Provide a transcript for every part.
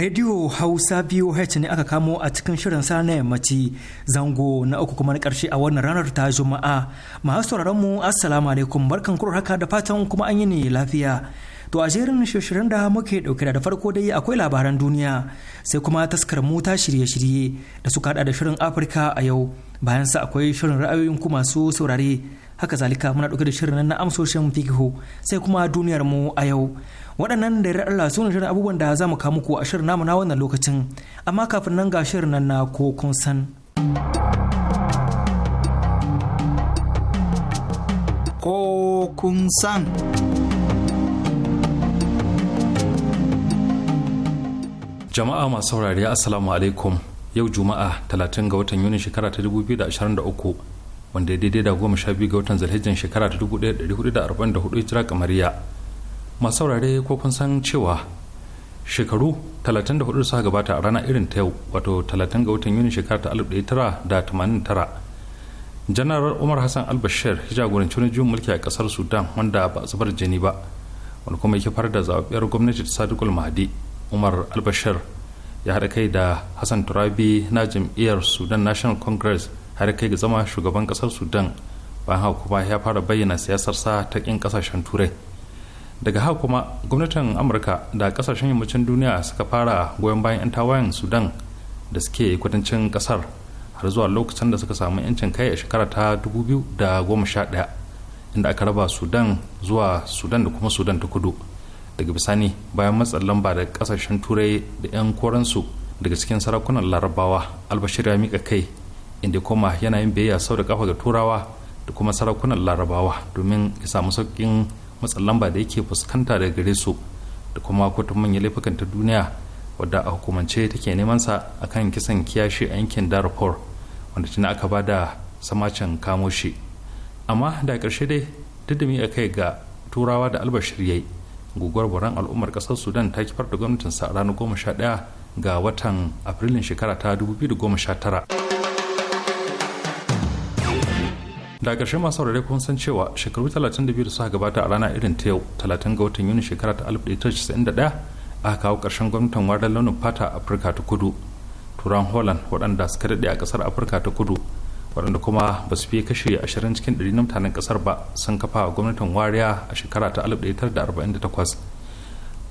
Radio Hausa VOH ne aka kamo a cikin shirin sa na yammaci zango na uku kuma na karshe a wannan ranar ta Juma'a. Masu mu Assalamu alaikum barkan kuro haka da fatan kuma an yi ne lafiya. To a jerin shirin da muke ɗauke da farko dai akwai labaran duniya sai kuma taskar mu ta shirye-shirye da suka hada da shirin Afirka a yau bayan sa akwai shirin ra'ayoyin ku masu saurare haka zalika muna ɗauke da shirin na amsoshin fikihu sai kuma duniyar mu a yau waɗannan da yarda Allah su ne shirin abubuwan da za mu kawo muku a shirin namu na wannan lokacin amma kafin nan ga shirin nan na ko kun san ko kun san jama'a masu saurari assalamu alaikum yau juma'a 30 ga watan yuni shekara ta 2023 wanda ya daidai da goma sha biyu ga watan zalhijjan shekara ta dubu ɗaya ɗari hudu da arba'in da hudu hijira kamariya masu saurare ko kun san cewa shekaru talatin da hudu suka gabata a rana irin ta yau wato talatin ga watan yuni shekara ta alif ɗaya tara da tamanin tara janarar umar hassan albashir ya jagoranci wani juyin mulki a kasar sudan wanda ba zubar jini ba wani kuma ya kifar da zaɓaɓɓiyar gwamnati ta sadiqul mahdi umar albashir ya haɗa kai da hassan turabi na jam'iyyar sudan national congress har kai ga zama shugaban kasar sudan bayan haka kuma ya fara bayyana siyasar sa ta kin kasashen turai daga haka kuma gwamnatin amurka da kasashen yammacin duniya suka fara goyon bayan 'yan tawayen sudan da suke kudancin kasar har zuwa lokacin da suka samu 'yancin kai a shekara ta 2011 inda aka raba sudan zuwa sudan da kuma sudan ta kudu daga bisani bayan matsin lamba da kasashen turai da 'yan koransu daga cikin sarakunan larabawa albashir ya mika kai inda kuma yana yin biyayya sau da kafa ga turawa da kuma sarakunan larabawa domin ya samu sauƙin matsin lamba da yake fuskanta daga gare su da kuma kotun manyan laifukan ta duniya wadda a hukumance take neman sa akan kisan kiyashi a yankin darfur wanda tuni aka ba da samacin kamo shi amma da ƙarshe dai didimi a kai ga turawa da albashir yayi guguwar buran al'ummar ƙasar sudan ta kifar da gwamnatinsa ranar ɗaya ga watan afrilun shekara ta 2019 da ƙarshe masu saurare kun san cewa shekaru 32 da suka gabata a rana irin ta yau 30 ga watan yuni shekara ta 1991 aka kawo ƙarshen gwamnatin wadar launin fata a afirka ta kudu turan holland waɗanda suka daɗe a ƙasar afirka ta kudu waɗanda kuma ba su fiye kashe 20 cikin 100 na mutanen ƙasar ba sun kafa gwamnatin wariya a shekara ta 1948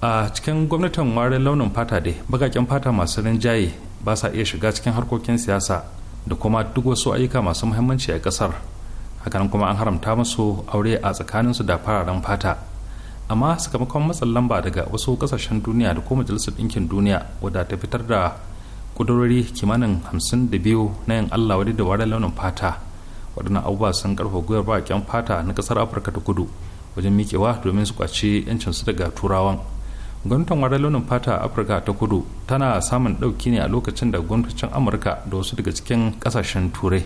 a cikin gwamnatin warin launin fata dai bagaƙen fata masu rinjaye ba sa iya shiga cikin harkokin siyasa da kuma duk wasu ayyuka masu muhimmanci a kasar hakanan kuma an haramta musu aure a tsakanin su da fararen fata amma sakamakon matsin lamba daga wasu kasashen duniya da kuma majalisar ɗinkin duniya wadda ta fitar da kudurori kimanin hamsin da biyu na yin allah wani da ware launin fata waɗannan abubuwa sun karfa gwiwar baƙin fata na ƙasar afirka ta kudu wajen miƙewa domin su kwaci yancinsu daga turawan gwamnatin ware launin fata a afirka ta kudu tana samun ɗauki ne a lokacin da gwamnatocin amurka da wasu daga cikin ƙasashen turai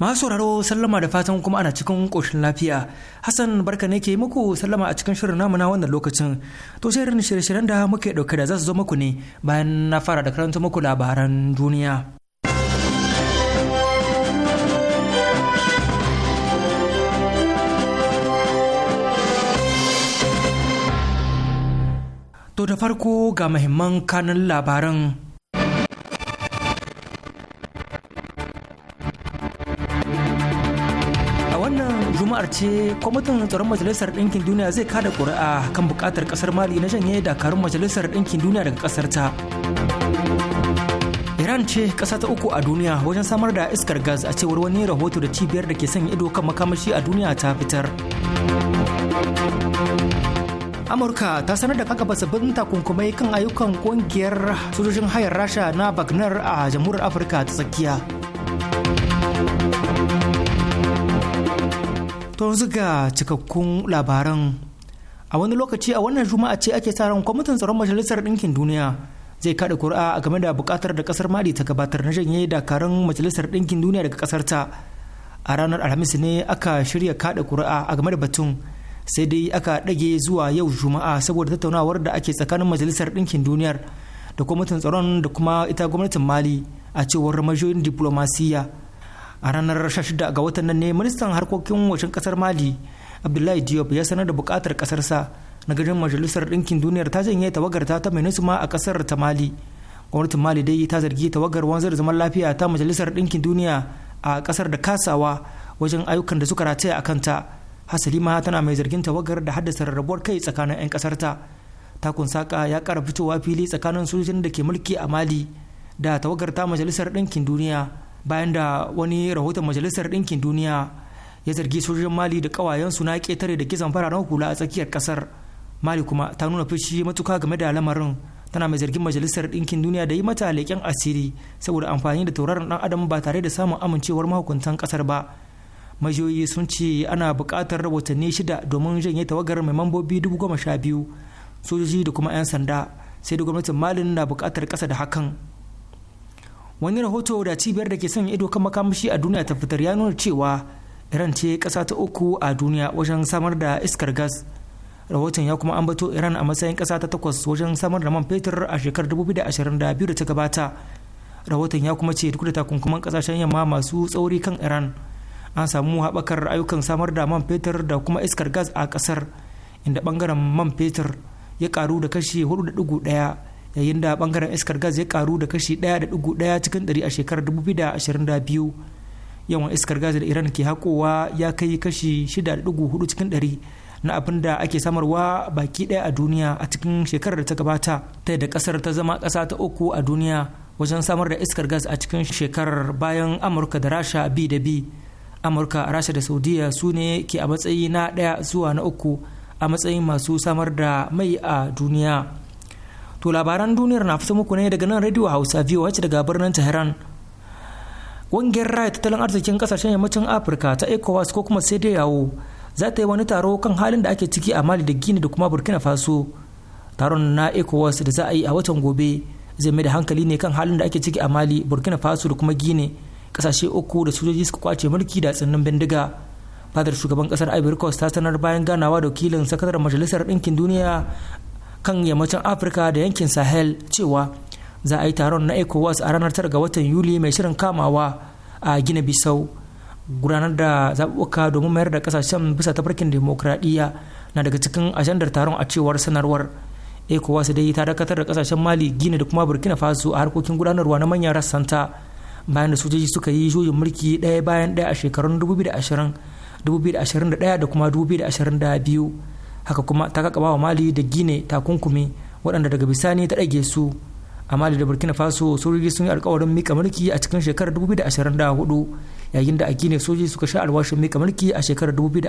masu sauraro sallama da fatan kuma ana cikin koshin lafiya hassan barka ne ke muku sallama a cikin shirin namuna wannan lokacin to shirin shirye-shiryen da muke ɗauke da za su zo muku ne bayan na fara da karanta muku labaran duniya to da farko ga muhimman kanun labaran ce kwamitin tsaron majalisar ɗinkin duniya zai kada ƙuri'a kan buƙatar ƙasar mali na janye dakarun majalisar ɗinkin duniya daga ƙasar ta iran ce ƙasa ta uku a duniya wajen samar da iskar gas a cewar wani rahoto da cibiyar da ke sanya ido kan makamashi a duniya ta fitar amurka ta sanar da kakaba sabbin takunkumai kan ayyukan ƙungiyar sojojin hayar rasha na bagnar a jamhuriyar afirka ta tsakiya To yanzu ga cikakkun labaran a wani lokaci a wannan juma'a ce ake sa ran kwamitin tsaron majalisar ɗinkin duniya zai kaɗa kuri'a a game da buƙatar da ƙasar mali ta gabatar na janye dakarun majalisar ɗinkin duniya daga ƙasar ta a ranar alhamis ne aka shirya kaɗa kuri'a a game da batun sai dai aka ɗage zuwa yau juma'a saboda tattaunawar da ake tsakanin majalisar ɗinkin duniyar da kwamitin tsaron da kuma ita gwamnatin mali a cewar majiyoyin diplomasiya a ranar 16 ga watan nan ne ministan harkokin wajen kasar mali abdullahi diop ya sanar da bukatar kasarsa na garin majalisar ɗinkin duniyar ta janye tawagarta ta minisma a kasar ta mali gwamnatin mali dai ta zargi tawagar wanzar zaman lafiya ta majalisar ɗinkin duniya a kasar da kasawa wajen ayyukan da suka rataya a kanta hasali ma tana mai zargin tawagar da haddasa rarrabuwar kai tsakanin 'yan kasar ta takun saka ya kara fitowa fili tsakanin sojojin da ke mulki a mali da tawagar ta majalisar dinkin duniya bayan da wani rahoton majalisar ɗinkin duniya ya zargi sojojin mali da ƙawayensu na ƙetare da kisan fararen hula a tsakiyar ƙasar mali kuma ta nuna fushi matuka game da lamarin tana mai zargin majalisar ɗinkin duniya da yi mata leƙen asiri saboda amfani da tauraron ɗan adam ba tare da samun amincewar mahukuntan ƙasar ba majiyoyi sun ce ana buƙatar watanni shida domin janye tawagar mai mambobi dubu goma sha biyu sojoji da kuma 'yan sanda sai da gwamnatin malin na buƙatar ƙasa da hakan wani rahoto da cibiyar da ke son ido kan makamashi a duniya ta fitar ya nuna cewa iran ce kasa ta uku a duniya wajen samar da iskar gas rahoton ya kuma ambato iran a matsayin kasa ta takwas wajen samar da man fetur a shekarar 2022 da ta gabata rahoton ya kuma ce duk da takunkuman kasashen yamma masu tsauri kan iran an samu haɓakar ayyukan samar da man fetur da kuma iskar gas a ƙasar inda ɓangaren man fetur ya karu da kashi 4.1 yayin da bangaren iskar gas ya karu da kashi 1.1 cikin 100 a shekarar 2022 yawan iskar gas da iran ke hakowa ya kai kashi 6.4 cikin 100 na abin da ake samarwa baki daya a duniya a cikin shekarar da ta gabata ta da kasar ta zama kasa ta uku a duniya wajen samar da iskar gas a cikin shekarar bayan amurka da rasha bi da bi amurka rasha da saudiya su ne ke a matsayi na daya zuwa na uku a matsayin masu samar da mai a duniya to labaran duniyar na fito muku ne daga nan radio hausa biyu wacce daga birnin tehran ƙungiyar raya tattalin arzikin ƙasashen yammacin afirka ta ecowas ko kuma sai yawo za ta yi wani taro kan halin da ake ciki a mali da gini da kuma burkina faso taron na ecowas da za a yi a watan gobe zai mai da hankali ne kan halin da ake ciki a mali burkina faso da kuma gine kasashe uku da sojoji suka kwace mulki da tsinin bindiga fadar shugaban ƙasar ivory coast ta sanar bayan ganawa da wakilin sakataren majalisar ɗinkin duniya kan yammacin afirka da yankin sahel cewa za a yi taron na ecowas a ranar tara ga watan yuli mai shirin kamawa a gina bisau gudanar da zaɓuɓɓuka domin mayar da kasashen bisa tafarkin demokradiyya na daga cikin ajandar taron a cewar sanarwar ecowas dai ta dakatar da kasashen mali gina da kuma burkina faso a harkokin gudanarwa na manyan rassanta bayan da sojoji suka yi juyin mulki ɗaya bayan ɗaya a shekarun 2020 2021 da kuma 2022 haka kuma ta kakaba wa mali da gine takunkumi waɗanda daga bisani ta ɗage su a mali da burkina faso sojoji sun yi alkawarin mika mulki a cikin shekarar 2024 yayin da a gine sojoji suka sha alwashin mika mulki a shekarar 2025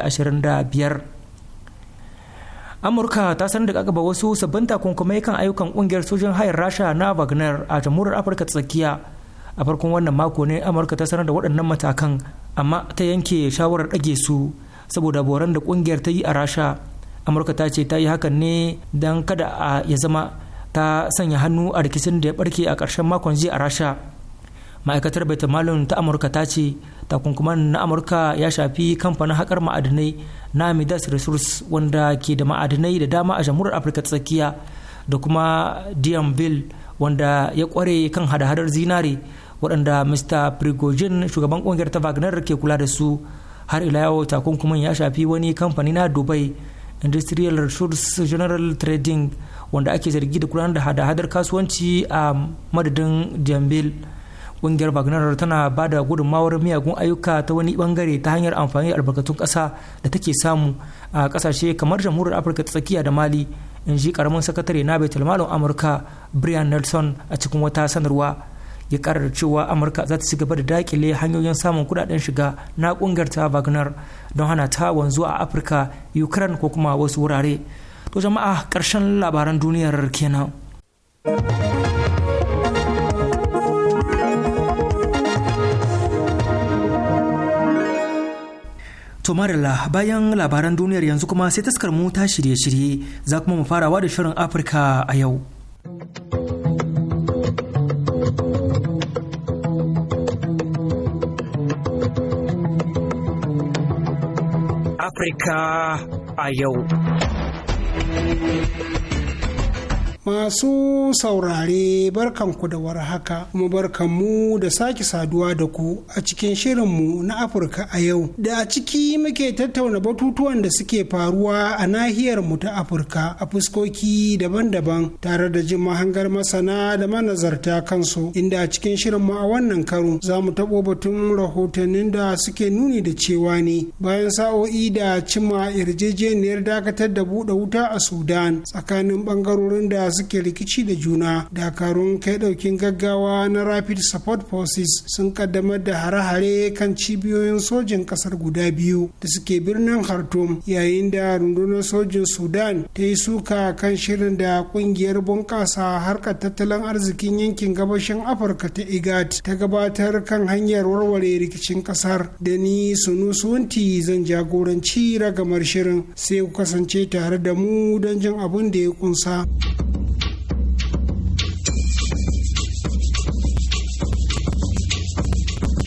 amurka ta sanar da kakaba wasu sabbin takunkumai kan ayyukan kungiyar sojin hayar rasha na wagner a jamhuriyar afirka tsakiya a farkon wannan mako ne amurka ta sanar da waɗannan matakan amma ta yanke shawarar ɗage su saboda boran da kungiyar ta yi a rasha amurka ta ce ta yi hakan ne don kada a ya zama ta sanya hannu a rikicin da ya barke a ƙarshen makon jiya a rasha ma'aikatar baitamalin ta amurka ta ce takunkuman na amurka ya shafi kamfanin haƙar ma'adinai na midas resource wanda ke da ma'adinai da dama a jamhuriyar afirka tsakiya da kuma bill wanda ya kware kan hada-hadar zinare waɗanda mr prigojin shugaban ƙungiyar ta wagner ke kula da su har ila yau takunkumin ya shafi wani kamfani na dubai industrial resource general trading wanda ake zargi da kuran da hada-hadar kasuwanci a madadin jambil ƙungiyar wagner tana ba da gudunmawar miyagun ayyuka ta wani bangare ta hanyar amfani da albarkatun ƙasa da take samu a ƙasashe kamar jamhuriyar afirka ta tsakiya da mali in ji karamin sakatare na baitul malam amurka brian nelson a cikin wata sanarwa ya karar cewa amurka za ta ci gaba da dakile hanyoyin samun kudaden shiga na kungiyar ta wagner don hana ta wanzu a afirka ukraine ko kuma wasu wurare to jama'a karshen labaran duniyar kenan To Marilla bayan labaran duniyar yanzu kuma sai taskar mu ta shirye-shirye za kuma mu farawa da shirin Afirka a yau. Afirka a yau. masu saurare barkanku da war haka kuma barkanmu da sake saduwa da ku a cikin shirin mu na afirka a yau da a ciki muke tattauna batutuwan da suke faruwa a nahiyar mu ta afirka a fuskoki daban-daban tare da jin mahangar masana da manazarta kansu inda a cikin mu a wannan karo za mu taɓo batun rahotannin da suke nuni da cewa ne bayan sa'o'i da cimma yarjejeniyar dakatar da buɗe wuta a sudan tsakanin ɓangarorin da da suke rikici da juna dakarun kai daukin gaggawa na rapid support forces sun kaddamar da hare-hare kan cibiyoyin sojin kasar guda biyu da suke birnin khartoum yayin da rundunar sojin sudan ta yi suka kan shirin da kungiyar bunƙasa harkar tattalin arzikin yankin gabashin afirka ta igat ta gabatar kan hanyar warware rikicin kasar da ni sunu sunti zan jagoranci ragamar shirin sai ku kasance tare da mu don jin abin da ya kunsa.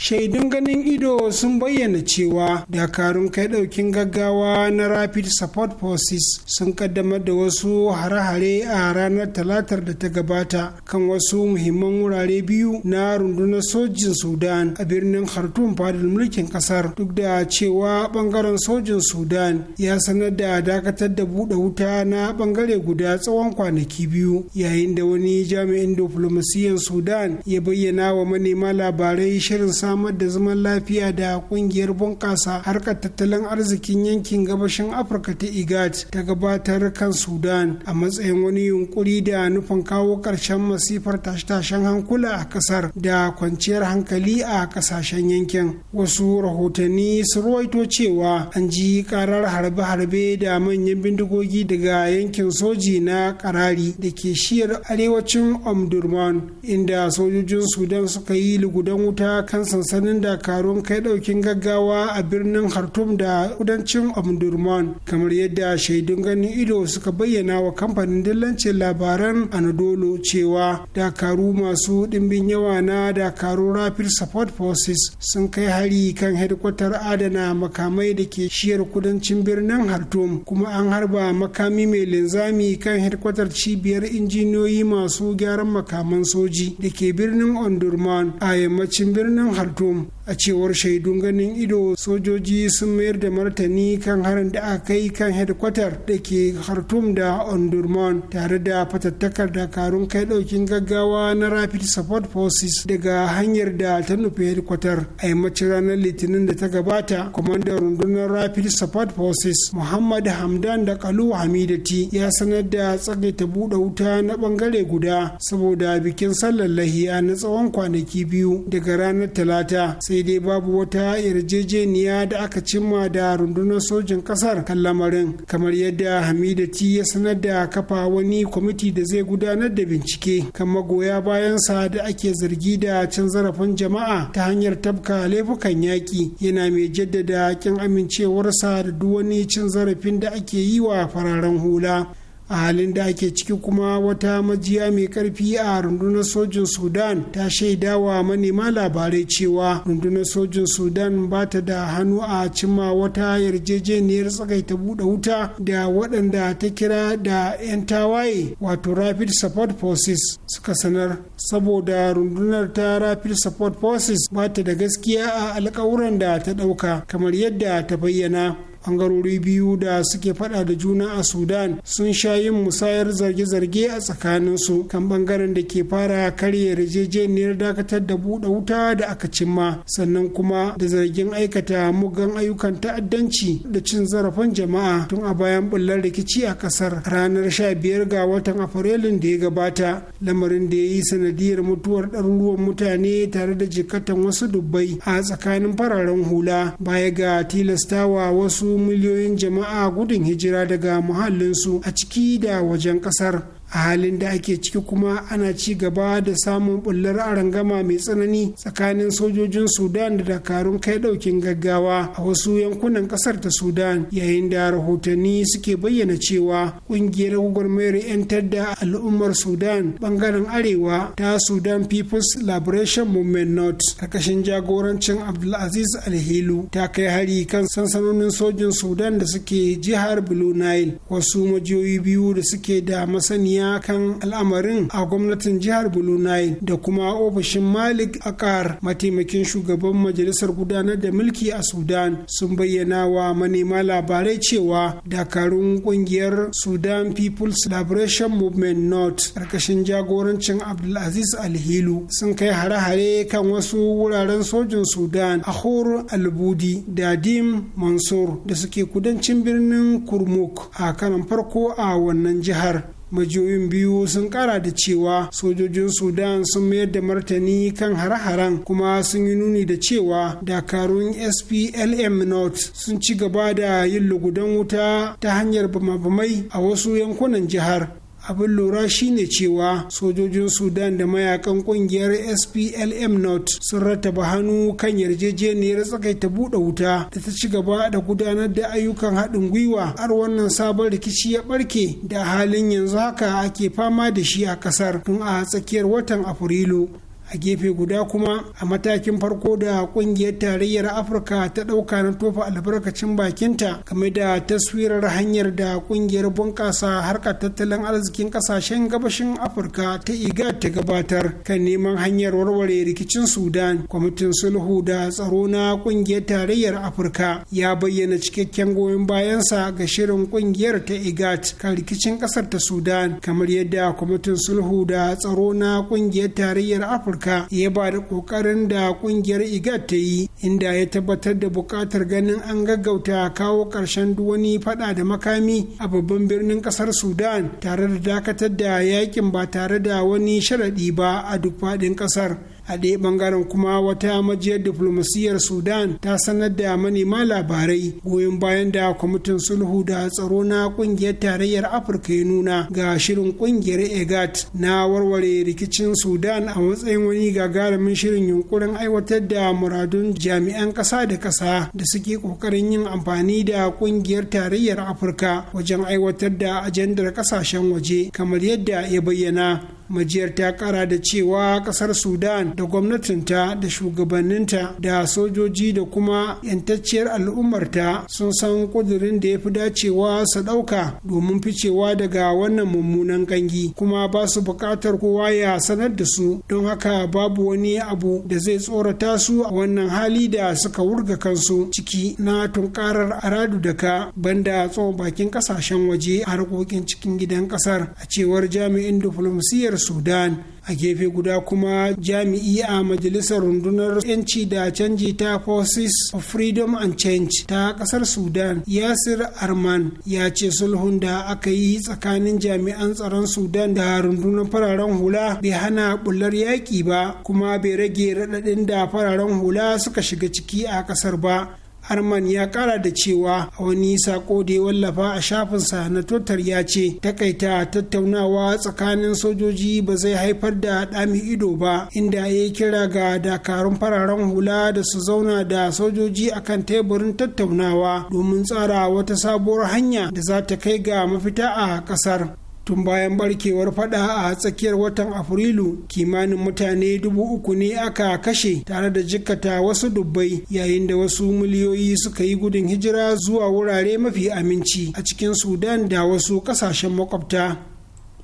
shaidun ganin ido sun bayyana cewa dakarun kai daukin gaggawa na rapid support forces sun kaddamar da wasu hare-hare a ranar talatar da ta gabata kan wasu muhimman wurare biyu na rundunar sojin sudan a birnin khartoum fadil mulkin kasar duk da cewa bangaren sojin sudan ya sanar da dakatar da buɗe wuta na bangare guda tsawon kwanaki biyu yayin da wani jami'in diplomasiyan sudan ya bayyana wa manema labarai shirin samun samar da zaman lafiya da kungiyar bunƙasa harkar tattalin arzikin yankin gabashin afirka ta igat ta gabatar kan sudan a matsayin wani yunkuri da nufin kawo ƙarshen masifar tashe-tashen hankula a ƙasar da kwanciyar hankali a ƙasashen yankin wasu rahotanni su ruwaito cewa an ji karar harbe-harbe da manyan bindigogi daga yankin soji na karari da ke shiyar arewacin omdurman inda sojojin sudan suka yi lugudan wuta kan sansanin dakarun kai daukin gaggawa a birnin khartoum da kudancin omdurman kamar yadda shaidun ganin ido suka bayyana wa kamfanin dillancin labaran anadolu cewa dakaru masu ɗimbin yawa na dakarun rapid support forces sun kai hari kan hedkwatar adana makamai da ke shiyar kudancin birnin khartoum kuma an harba makami mai linzami kan hedkwatar cibiyar injiniyoyi masu gyaran makaman soji da ke birnin omdurman a yammacin birnin khartoum khartoum a cewar shaidun ganin ido sojoji sun mayar da martani kan harin da aka kai kan hedkwatar da ke khartoum da ondurman tare da fatattakar dakarun kai daukin gaggawa na rapid support forces daga hanyar da ta nufi hedkwatar a yammacin ranar litinin da ta gabata kwamandan rundunar rapid support forces muhammad hamdan da kalu hamidati ya sanar da tsagaita buɗe wuta na bangare guda saboda bikin sallar lahiya na tsawon kwanaki biyu daga ranar talata gabata sai dai babu wata yarjejeniya da aka cimma da rundunar sojin kasar kan lamarin kamar yadda hamidati ya sanar da kafa wani kwamiti da zai gudanar da bincike kan magoya bayansa da ake zargi da cin zarafin jama'a ta hanyar tabka laifukan yaƙi yana mai jaddada kin amincewarsa da duk wani cin zarafin da ake yi wa fararen hula a halin da ake ciki kuma wata majiya mai karfi a rundunar sojin sudan ta shaida wa manema labarai cewa rundunar sojin sudan ba ta da hannu a cimma wata yarjejeniyar tsakaita buɗe wuta da waɗanda ta kira da 'yan tawaye wato rapid support forces suka sanar saboda rundunar ta rapid support forces ba ta da gaskiya a alkawuran da ta ɗauka kamar yadda ta bayyana bangarori biyu da suke fada da juna a sudan sun sha yin musayar zarge-zarge a tsakaninsu kan bangaren da ke fara karya yarjejeniyar dakatar da buɗe wuta da aka cimma sannan kuma da zargin aikata mugan ayyukan ta'addanci da cin zarafin jama'a tun a bayan bullar rikici a kasar ranar sha biyar ga watan afrilun da ya gabata lamarin da ya yi sanadiyar mutuwar ɗaruruwan mutane tare da jikatan wasu dubbai a tsakanin fararen hula baya ga tilastawa wasu miliyoyin jama'a gudun hijira daga muhallinsu a ciki da wajen kasar a halin da ake ciki kuma ana ci gaba da samun bullar arangama mai tsanani tsakanin sojojin sudan da dakarun kai daukin gaggawa a wasu yankunan kasar ta sudan yayin da rahotanni suke bayyana cewa kungiyar gwagwarmayar 'yantar da al'ummar sudan bangaren arewa ta sudan people's liberation movement north karkashin jagorancin abdulaziz alhilu ta kai hari kan sansanonin sojin sudan da suke jihar blue nile wasu majiyoyi biyu da suke da masaniya masaniya kan al'amarin a gwamnatin jihar Bulunai da kuma ofishin Malik Akar mataimakin shugaban majalisar gudanar da mulki a Sudan sun bayyana wa manema labarai cewa dakarun kungiyar Sudan People's Liberation Movement North karkashin jagorancin Abdulaziz Alhilu sun kai hare-hare kan wasu wuraren sojin Sudan a Hur Albudi da Dim Mansur da suke kudancin birnin Kurmuk a karan farko a wannan jihar majiyoyin biyu sun kara da cewa sojojin sudan sun mayar da martani kan hare-haren kuma sun yi nuni da cewa dakarun splm north sun ci gaba da yin lugudan wuta ta hanyar bama-bamai a wasu yankunan jihar abin lura shine cewa sojojin sudan da mayakan kungiyar splm north sun rattaba hannu kan yarjejeniyar tsakaita buɗe wuta da ta ci gaba da gudanar da ayyukan haɗin gwiwa har wannan sabon rikici ya ɓarke da halin yanzu haka ake fama da shi a ƙasar tun a tsakiyar watan afrilu a gefe guda kuma a matakin farko da kungiyar tarayyar afirka ta ɗauka na tofa albarkacin bakinta game da taswirar hanyar da kungiyar bunƙasa harkar tattalin arzikin ƙasashen gabashin afirka ta iga ta gabatar kan neman hanyar warware rikicin sudan kwamitin sulhu da tsaro na kungiyar tarayyar afirka ya bayyana cikakken goyon bayansa ga shirin kungiyar ta igat kan rikicin ƙasar ta sudan kamar yadda kwamitin sulhu da tsaro na kungiyar tarayyar afirka afirka ya ba da kokarin da kungiyar igad ta yi inda ya tabbatar da bukatar ganin an gaggauta kawo ƙarshen wani faɗa da makami a babban birnin ƙasar sudan tare da dakatar da yakin ba tare da wani sharadi ba a duk faɗin ƙasar. a ɗaya ɓangaren kuma wata majiyar diflomasiyyar sudan ta sanar da manema labarai goyon bayan da kwamitin sulhu da tsaro na ƙungiyar tarayyar afirka ya nuna ga shirin ƙungiyar egat na warware rikicin sudan a matsayin wani gagarumin shirin yunkurin aiwatar da muradun jami'an ƙasa da ƙasa da suke ƙoƙarin yin amfani da ƙungiyar tarayyar afirka wajen aiwatar da ajandar ƙasashen waje kamar yadda ya bayyana majiyar ta kara da cewa kasar sudan da gwamnatinta da shugabanninta da sojoji da kuma yantacciyar al'ummarta sun san kudirin da ya fi dacewa su ɗauka domin ficewa daga wannan mummunan gangi kuma ba su buƙatar kowa ya sanar da su don haka babu wani abu da zai tsorata su a wannan hali da suka wurga kansu ciki na tunkarar aradu daga banda tsohon bakin kasashen waje a harkokin cikin gidan kasar a cewar jami'in diflomasiyyar siyasar sudan a gefe guda kuma jami'i a majalisar rundunar yanci da canji ta forces of freedom and change ta kasar sudan yasir arman ya ce sulhun da aka yi tsakanin jami'an tsaron sudan da rundunar fararen hula bai hana bullar yaƙi ba kuma bai rage raɗaɗin da fararen hula suka shiga ciki a kasar ba harman ya kara da cewa a wani sako da ya wallafa a shafinsa na totar ya ce takaita tattaunawa tsakanin sojoji ba zai haifar da ɗami ido ba inda ya yi kira ga dakarun fararen hula da su zauna da sojoji akan teburin tattaunawa domin tsara wata sabuwar hanya da za ta kai ga mafita a ƙasar tun bayan barkewar fada a tsakiyar watan afrilu kimanin mutane dubu uku ne aka kashe tare da jikkata wasu dubbai yayin da wasu miliyoyi suka yi gudun hijira zuwa wurare mafi aminci a cikin sudan da wasu kasashen makwabta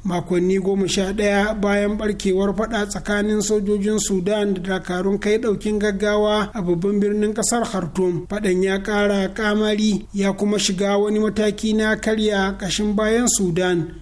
makonni goma sha ɗaya bayan barkewar fada tsakanin sojojin sudan da dakarun kai ɗaukin gaggawa a babban birnin ƙasar khartoum fadan ya ƙara kamari ya kuma shiga wani mataki na karya ƙashin bayan sudan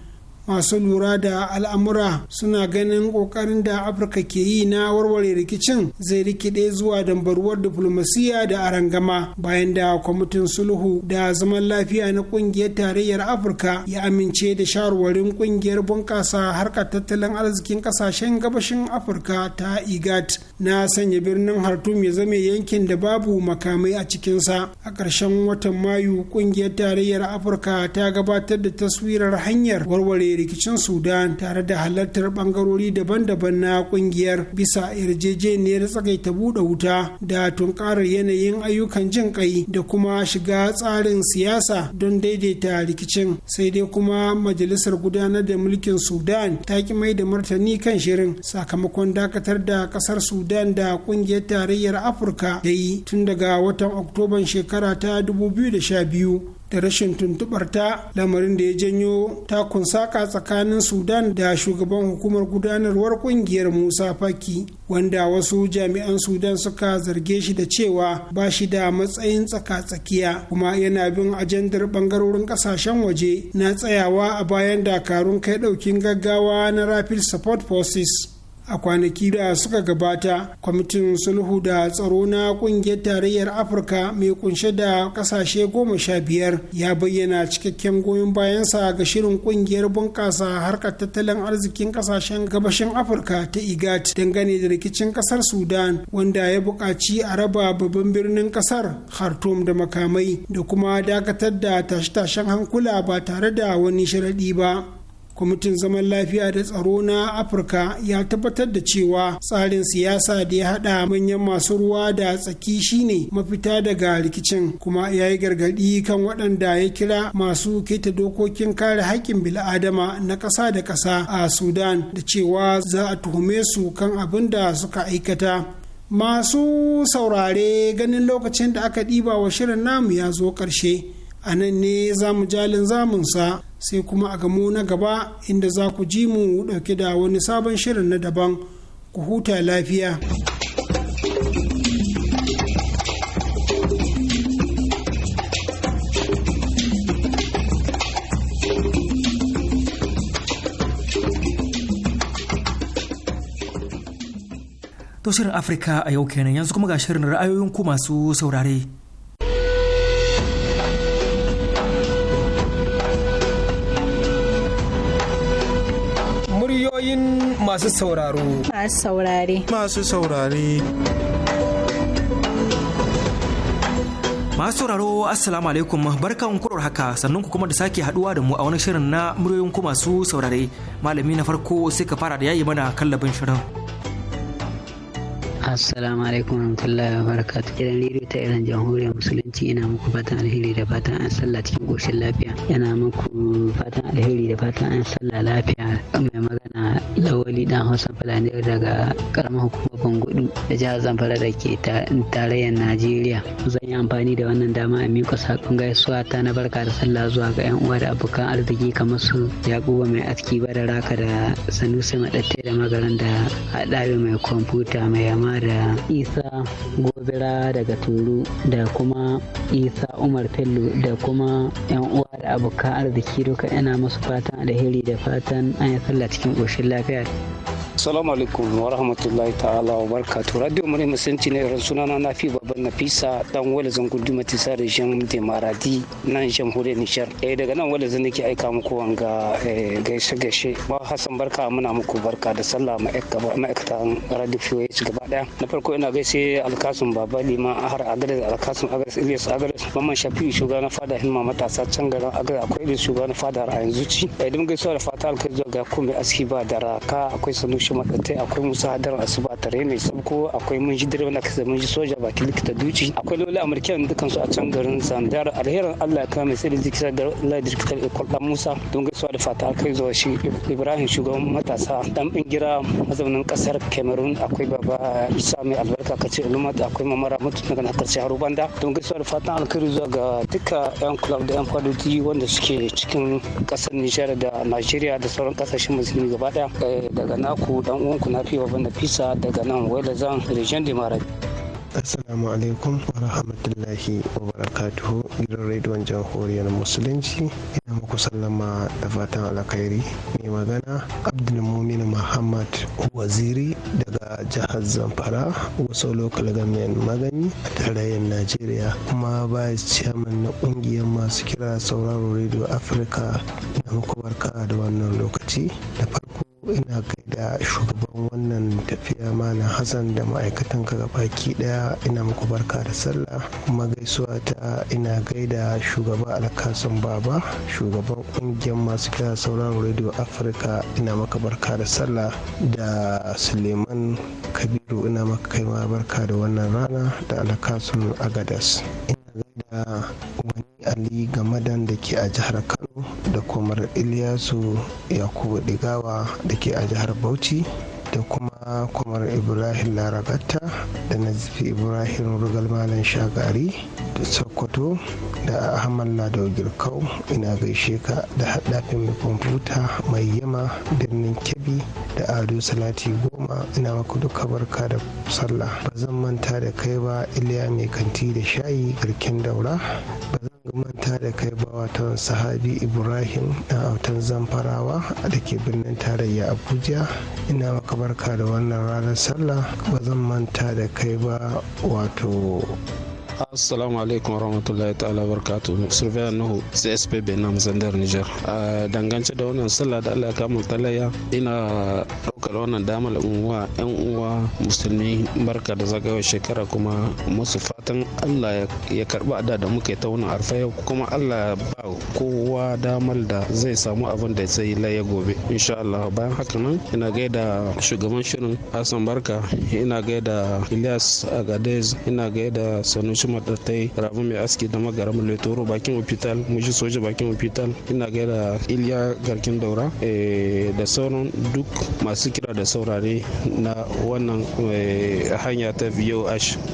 masu lura da al'amura suna ganin kokarin da afirka ke yi na warware rikicin zai rikide zuwa dambaruwar diplomasiya da arangama bayan da kwamitin sulhu da zaman lafiya na kungiyar tarayyar afirka ya amince da shawarwarin kungiyar bunkasa harkar tattalin arzikin kasashen gabashin afirka ta igat na sanya birnin hartum ya zame yankin da babu makamai a cikinsa a ƙarshen watan mayu ƙungiyar tarayyar afirka ta gabatar da taswirar hanyar warware rikicin sudan tare da halartar ɓangarori daban-daban na ƙungiyar bisa yarjejeniyar tsagaita buɗe wuta da tunkarar yanayin ayyukan jin ƙai da kuma shiga tsarin siyasa don daidaita rikicin sai dai kuma majalisar gudanar da mulkin sudan ta ƙi mai da martani kan shirin sakamakon dakatar da ƙasar sudan sudan da kungiyar tarayyar afirka da yi tun daga watan oktoban shekara ta 2012 da rashin ta lamarin da ya janyo takun saka tsakanin sudan da shugaban hukumar gudanarwar kungiyar musa faki wanda wasu jami'an sudan suka zarge shi da cewa ba shi da matsayin tsaka-tsakiya kuma yana bin ajandar bangarorin kasashen waje na tsayawa a bayan dakarun kai daukin gaggawa na rapid support forces a kwanaki da suka gabata kwamitin sulhu da tsaro na kungiyar tarayyar afirka mai kunshe da kasashe goma sha biyar ya bayyana cikakken goyon bayansa ga shirin kungiyar bunƙasa harkar tattalin arzikin kasashen gabashin afirka ta igat dangane da rikicin kasar sudan wanda ya buƙaci a raba babban birnin kasar khartoum da makamai da kuma dakatar da tashe-tashen hankula ba tare da wani sharaɗi ba kwamitin zaman lafiya da tsaro na afirka ya tabbatar da cewa tsarin siyasa da ya haɗa manyan masu ruwa da tsaki shine mafita daga rikicin kuma ya yi gargaɗi kan waɗanda ya kira masu keta dokokin kare haƙƙin bil'adama na ƙasa da ƙasa a sudan da cewa za a tuhume su kan abin da suka aikata masu saurare ganin lokacin da aka ɗiba wa shirin namu ya zo ƙarshe a nan ne zamu jalin zamunsa sai kuma a gamo na gaba inda za ku ji mu ɗauke da wani sabon shirin na daban ku huta lafiya. To Afirka a yau kenan yanzu kuma ga shirin ra'ayoyin ku masu saurare. masu sauraro. Masu saurare. Masu saurare. Masu sauraro Assalamu alaikum barkan kurar haka sannan ku kuma da sake haduwa da mu a wani shirin na muryoyin ku masu saurare malami na farko sai ka fara da yayi mana kallabin shirin. Assalamu alaikum warahmatullahi wabarakatuh. Kiran rediyo ta Iran Jamhuriyar Musulunci yana muku fatan alheri da fatan an sallah cikin koshin lafiya. yana muku fatan alheri da fatan an sallah lafiya. Mai magana Lawali dan Hausa Fulani daga karamar hukumar Bangudu da jihar Zamfara da ke tarayyar Najeriya. Zan yi amfani da wannan dama a miƙa saƙon gaisuwa ta na barka da sallah zuwa ga 'yan uwa da abokan arziki kamar su Yakubu mai aski da raka da Sanusi Madatte da magaran da haɗari mai kwamfuta mai yamma da isa gobira daga turu da kuma isa umar fello da kuma yan uwa da abokan arziki duka yana masu fatan alheri da fatan an yi sallah cikin ƙoshin lafiya Assalamu alaikum wa rahmatullahi ta'ala wa barka to Radio Mare Musanci ne ran sunana na fi babban fisa dan wale zan gudu matisa da shan demaradi nan jamhuriyar Nishar. Eh daga nan wale zan nake aika muku wanga eh, gaishe gaishe. ba Hassan barka muna muku barka da sallah ma'aikatan Radio Fuwaye gaba daya. Na farko ina gaishe Alkasum Baba Lima har Agadez Alkasum Agadez Ilyas Agadez Mamman Shafi'u shugaban fada himma matasa can gara Agadez akwai da shugaba na fada ra'ayin zuci. Eh dun gaisuwa da fata alkai zuwa ga kuma aski ba da raka akwai sanu shi maɗatai akwai musa hadar asuba tare ne sabko akwai mun ji direba na kasa mun ji soja baki likita duci akwai lola amurkiyan dukansu a can garin zandar alherin allah ka mai sai da jikisa da allah da jikita ikon dan musa don gaisuwa da fata kai zuwa shi ibrahim shugaban matasa dan bingira mazaunin kasar cameroon akwai baba isa mai albarka kace ulumat akwai mamara mutu daga na karshe banda don gaisuwa da fata alkhairi zuwa ga duka yan club da yan kwadoji wanda suke cikin kasar nijar da najeriya da sauran kasashen musulmi gaba daya eh, daga naku ku dan uwanku na fiye wanda fisa daga nan wela zan region de Assalamu alaikum wa rahmatullahi wa barakatuhu gidan rediyon jamhuriyar musulunci ina muku sallama da fatan alkhairi mai magana abdulmumin muhammad waziri daga jihar zamfara wasu lokal gamiyan magani a tarayyar najeriya kuma ba ciyaman na kungiyar masu kira sauraro rediyo afirka na muku barka da wannan lokaci da farko ina gaida shugaban wannan tafiya mana hassan da ma'aikatan ka baki daya ina muku barka da sallah kuma gaisuwa ta ina gaida shugaba alkasan baba shugaban ƙungiyar masu kira sauran radio afirka ina maka barka da sallah da suleiman kabiru ina maka kai ma barka da wannan rana da alkasun agadas da wani ali gamadan da ke a jihar kano da kwamar iliyasu yakubu digawa da ke a jihar bauchi da kuma komar ibrahim laragatta da nazifi ibrahim rugal malam shagari da Sokoto da Ahmad Lado Girkau ina gaishe ka da haɗafin mai kwamfuta mai yama birnin Kebbi da Ado Salati goma ina maka duka barka da sallah ba zan manta da kai ba Iliya mai kanti da shayi garken daura ba zan manta da kai ba wato sahabi Ibrahim na autan zamfarawa da ke birnin tarayya Abuja ina maka barka da wannan ranar sallah ba zan manta da kai ba wato assalamu alaikum warahmatullahi ta'ala barkatu surveyor nuhu csp benam zandar niger dangance da wannan sallah da allah kamun talaya ina ɗaukar wannan damar unwa yan uwa musulmi barka da zagayowar shekara kuma musu fatan allah ya karba da da muka ta wani arfaya kuma allah ba kowa damar da zai samu abin da zai laye gobe insha allah bayan haka nan ina gaida shugaban shirin hassan barka ina gaida ilyas agadez ina gaida sanusi madatai rabu mai aski da magaram letoro bakin hospital mushi soja bakin hospital ina gaida iliya garkin daura eh, da sauran duk masu kira da saurare na wannan eh, hanya ta voh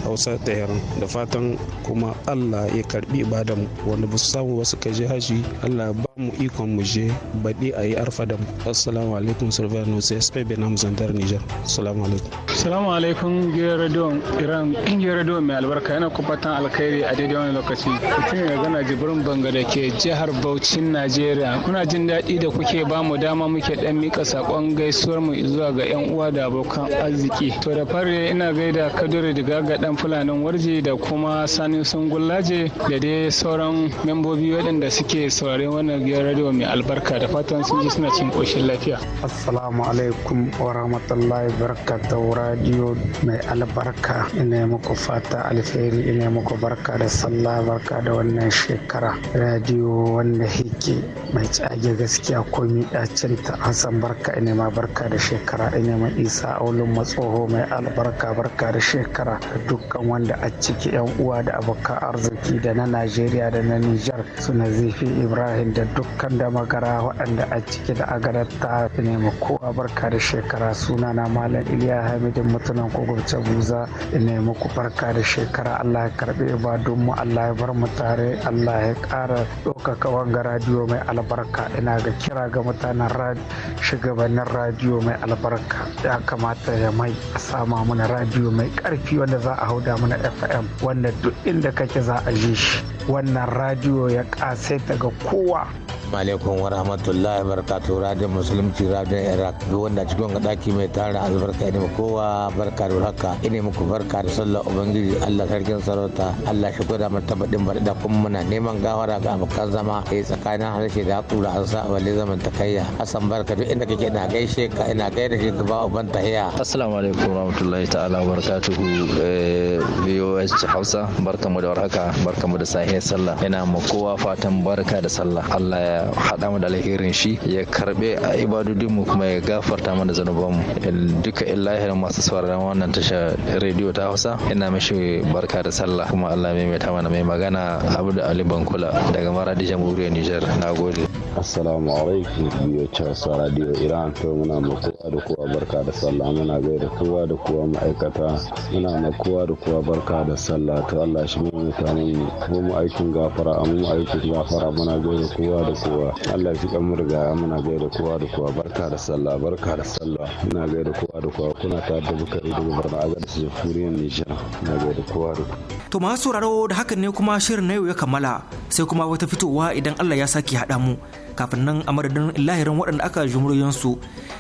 hausa ta tehran da fatan kuma allah ya karbi ibadan wanda ba su samu wasu kaje haji allah ba mu ikon mu je baɗi a yi arfa da mu assalamu alaikum surveyor no sai sp benam zandar niger assalamu alaikum assalamu alaikum radio iran radio mai albarka yana kubatan alkhairi a daidai wani lokaci mutum ya gana jibirin banga da ke jihar bauchin najeriya kuna jin daɗi da kuke ba mu dama muke ɗan mika sakon gaisuwar mu zuwa ga yan uwa da abokan arziki to da fari ina gaida kaduri diga ga dan fulanin warji da kuma sani sungullaje da dai sauran membobi waɗanda suke saurari wannan gidan radio mai albarka da fatan sun ji suna cin koshin lafiya assalamu alaikum wa rahmatullahi barakatuh radio mai albarka ina muku fata alheri ina muku barka da sallah barka da wannan shekara radio wanda hike mai tsage gaskiya ko mi dacin ta hasan barka ina ma barka da shekara ina ma isa aulun matsoho mai albarka barka da shekara dukkan wanda a ciki yan uwa da abokan arziki da na najeriya da na nijar suna zifi ibrahim da dukkan da magara waɗanda a ciki da agarar ta fi nema kowa barka da shekara suna na malam iliya hamidin mutunan kogurce buza ina muku barka da shekara allah ya karbe ba don mu allah ya bar mu tare allah ya ƙara ɗaukaka wanga radio mai albarka ina ga kira ga mutanen shugabannin radio mai albarka ya kamata ya mai a sama mana radio mai ƙarfi wanda za a hauda mana fm wanda duk inda kake za a ji shi wannan radio ya ƙasaita ga kowa malekun wa rahmatullahi wa barakatu radio musulunci radio iraq duk wanda cikin ga daki mai tara albarka ne kowa barka da haka ina muku barka da sallah ubangiji Allah sarkin sarauta Allah shi gwada mu tabbatin bar da kuma muna neman gawara ga abokan zama kai eh, tsakanin harshe da hakura an sa balle zaman takayya asan barka duk inda kake ina gaishe ka ina gaida shi gaba uban tahiya assalamu alaikum wa rahmatullahi ta'ala wa barakatuhu eh, VOS Hausa barkamu da warhaka barkamu da sahiyar sallah ina mu kowa fatan barka da sallah Allah Allah ya haɗa mu da alherin shi ya karbe a ibadodin mu kuma ya gafarta mana zanuban mu duka illahirin masu sauraron wannan tasha rediyo ta Hausa ina mishi barka da sallah kuma Allah mai mai mana mai magana Abdul Ali Bankula daga Maradi Jamhuriyar Nijar nagode assalamu alaikum biyo casa radio iran to muna makuwa da kowa barka da sallah muna gai da kowa da kowa ma'aikata muna makuwa da kowa barka da sallah to allah shi mai mutane mu mu aikin gafara a mu aikin gafara muna gai da kowa da kowa allah shi kan murga muna gai da kowa da kowa barka da sallah barka da sallah muna gai da kowa da kowa kuna ta da bukari daga barna a su furiyan nijar muna gai da kowa da kowa. to masu sauraro da hakan ne kuma shirin na yau ya kammala sai kuma wata fitowa idan allah ya sake haɗa mu kafin nan a madadin lahirin waɗanda aka jumuriyansu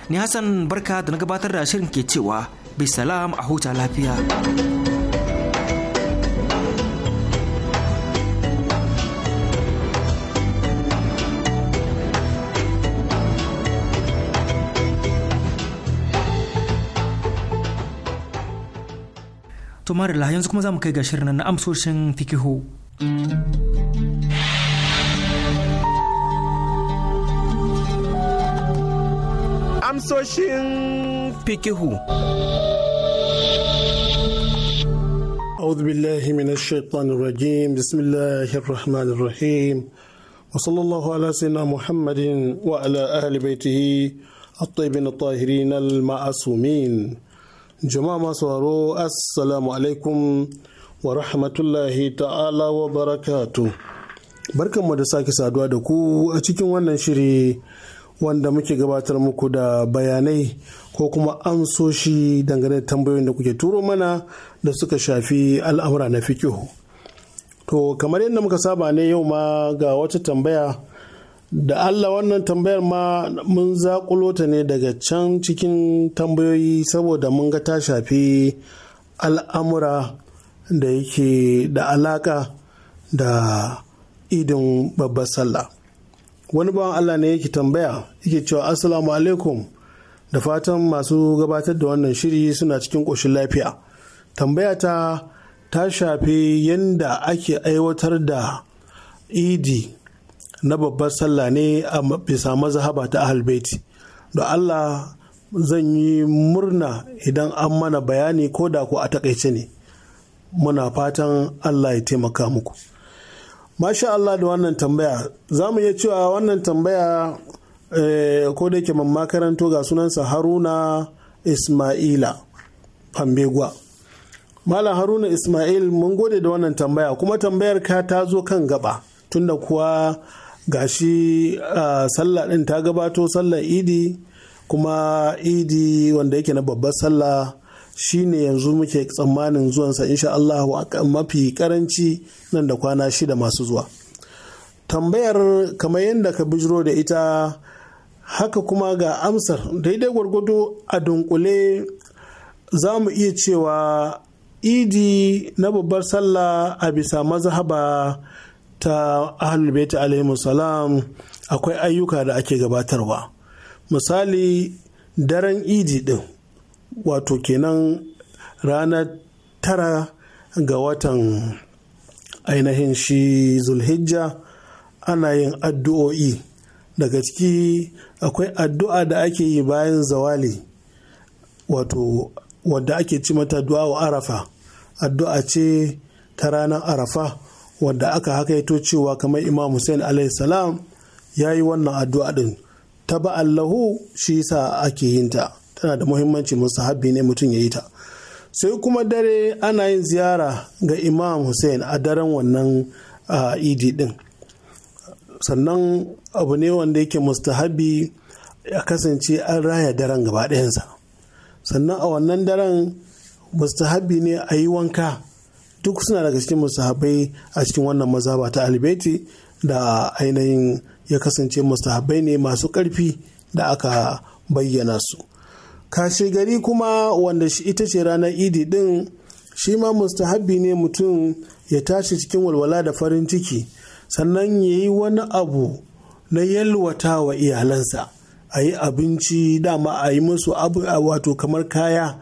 ni hassan barka da na gabatar da shirin ke cewa bai salam a huta lafiya da yanzu kuma za mu kai ga shirin na amsoshin fikihu amsoshin fikihu. Auzu billahi minash shaitanir rajim bismillahir rahmanir rahim wa sallallahu ala sayyidina Muhammadin wa ala ahli baitihi at-tayyibin at-tahirin al-ma'sumin jama'a masaro assalamu alaikum wa rahmatullahi ta'ala wa barakatuh barkamu da saki saduwa da ku a cikin wannan shiri wanda muke gabatar muku da bayanai ko kuma amsoshi dangane da tambayoyin da kuke turo mana da suka shafi al'amura na fikihu. To kamar yadda muka saba ne yau ma ga wata tambaya da Allah wannan tambayar ma mun zaƙulo ta ne daga can cikin tambayoyi saboda mun ga ta shafi al'amura da yake da alaka da idin babbar sallah. wani bawan Allah ne yake tambaya yake cewa assalamu alaikum da fatan masu gabatar da wannan shiri suna cikin ƙoshin lafiya tambaya ta ta shafi yadda ake aiwatar da idi na babbar sallah ne a bisa mazhaba ta ahalbeti da Allah zan yi murna idan an mana bayani ko da ku a takaice ne muna fatan Allah ya taimaka muku Masha Allah da wannan tambaya, za mu iya cewa wannan tambaya eh, ko da yake mamma ga sunansa Haruna Ismaila Fambegwa. mala Haruna Ismail mun gode da wannan tambaya kuma tambayar ka ta zo kan gaba tunda kuwa gashi sallah ɗin ta gabato sallar idi kuma idi wanda yake na babbar sallah shine yanzu muke tsammanin zuwansa insha Allah mafi karanci nan da kwana shida masu zuwa tambayar kamar yadda ka bijiro da ita haka kuma ga amsar daidai gwargwado a dunkule za mu iya cewa idi na babbar sallah a bisa mazhaba ta ahalul baiti alaihi salam akwai ayyuka da ake gabatarwa misali daren idi din wato kenan ranar tara ga watan ainihin shi zulhijja ana yin addu'o'i daga ciki akwai addu'a da ake yi bayan zawali wato wadda ake ci mata du'a arafa addu'a ce ta ranar arafa wadda aka hakaito cewa kamar imam hussein alayhi salam ya yi wannan addu'a din ta ba'allahu shi sa ake yin ta tana da muhimmanci mustahabbi ne mutum ya yi ta sai kuma dare ana yin ziyara ga imam hussein a daren wannan idi din sannan abu ne wanda yake mustahabi ya kasance an raya daren gaba ɗayansa sannan a wannan daren mustahabi ne a yi wanka duk suna daga cikin mustahabai a cikin wannan maza ba ta albeti da ainihin ya kasance mustahabai ne masu ƙarfi da aka bayyana su kashe gari kuma wanda ita ce ranar idi din shi ma mustahabbi ne mutum ya tashi cikin walwala da farin ciki sannan ya yi wani abu na yalwata wa iyalansa a yi abinci dama a yi musu abu wato kamar kaya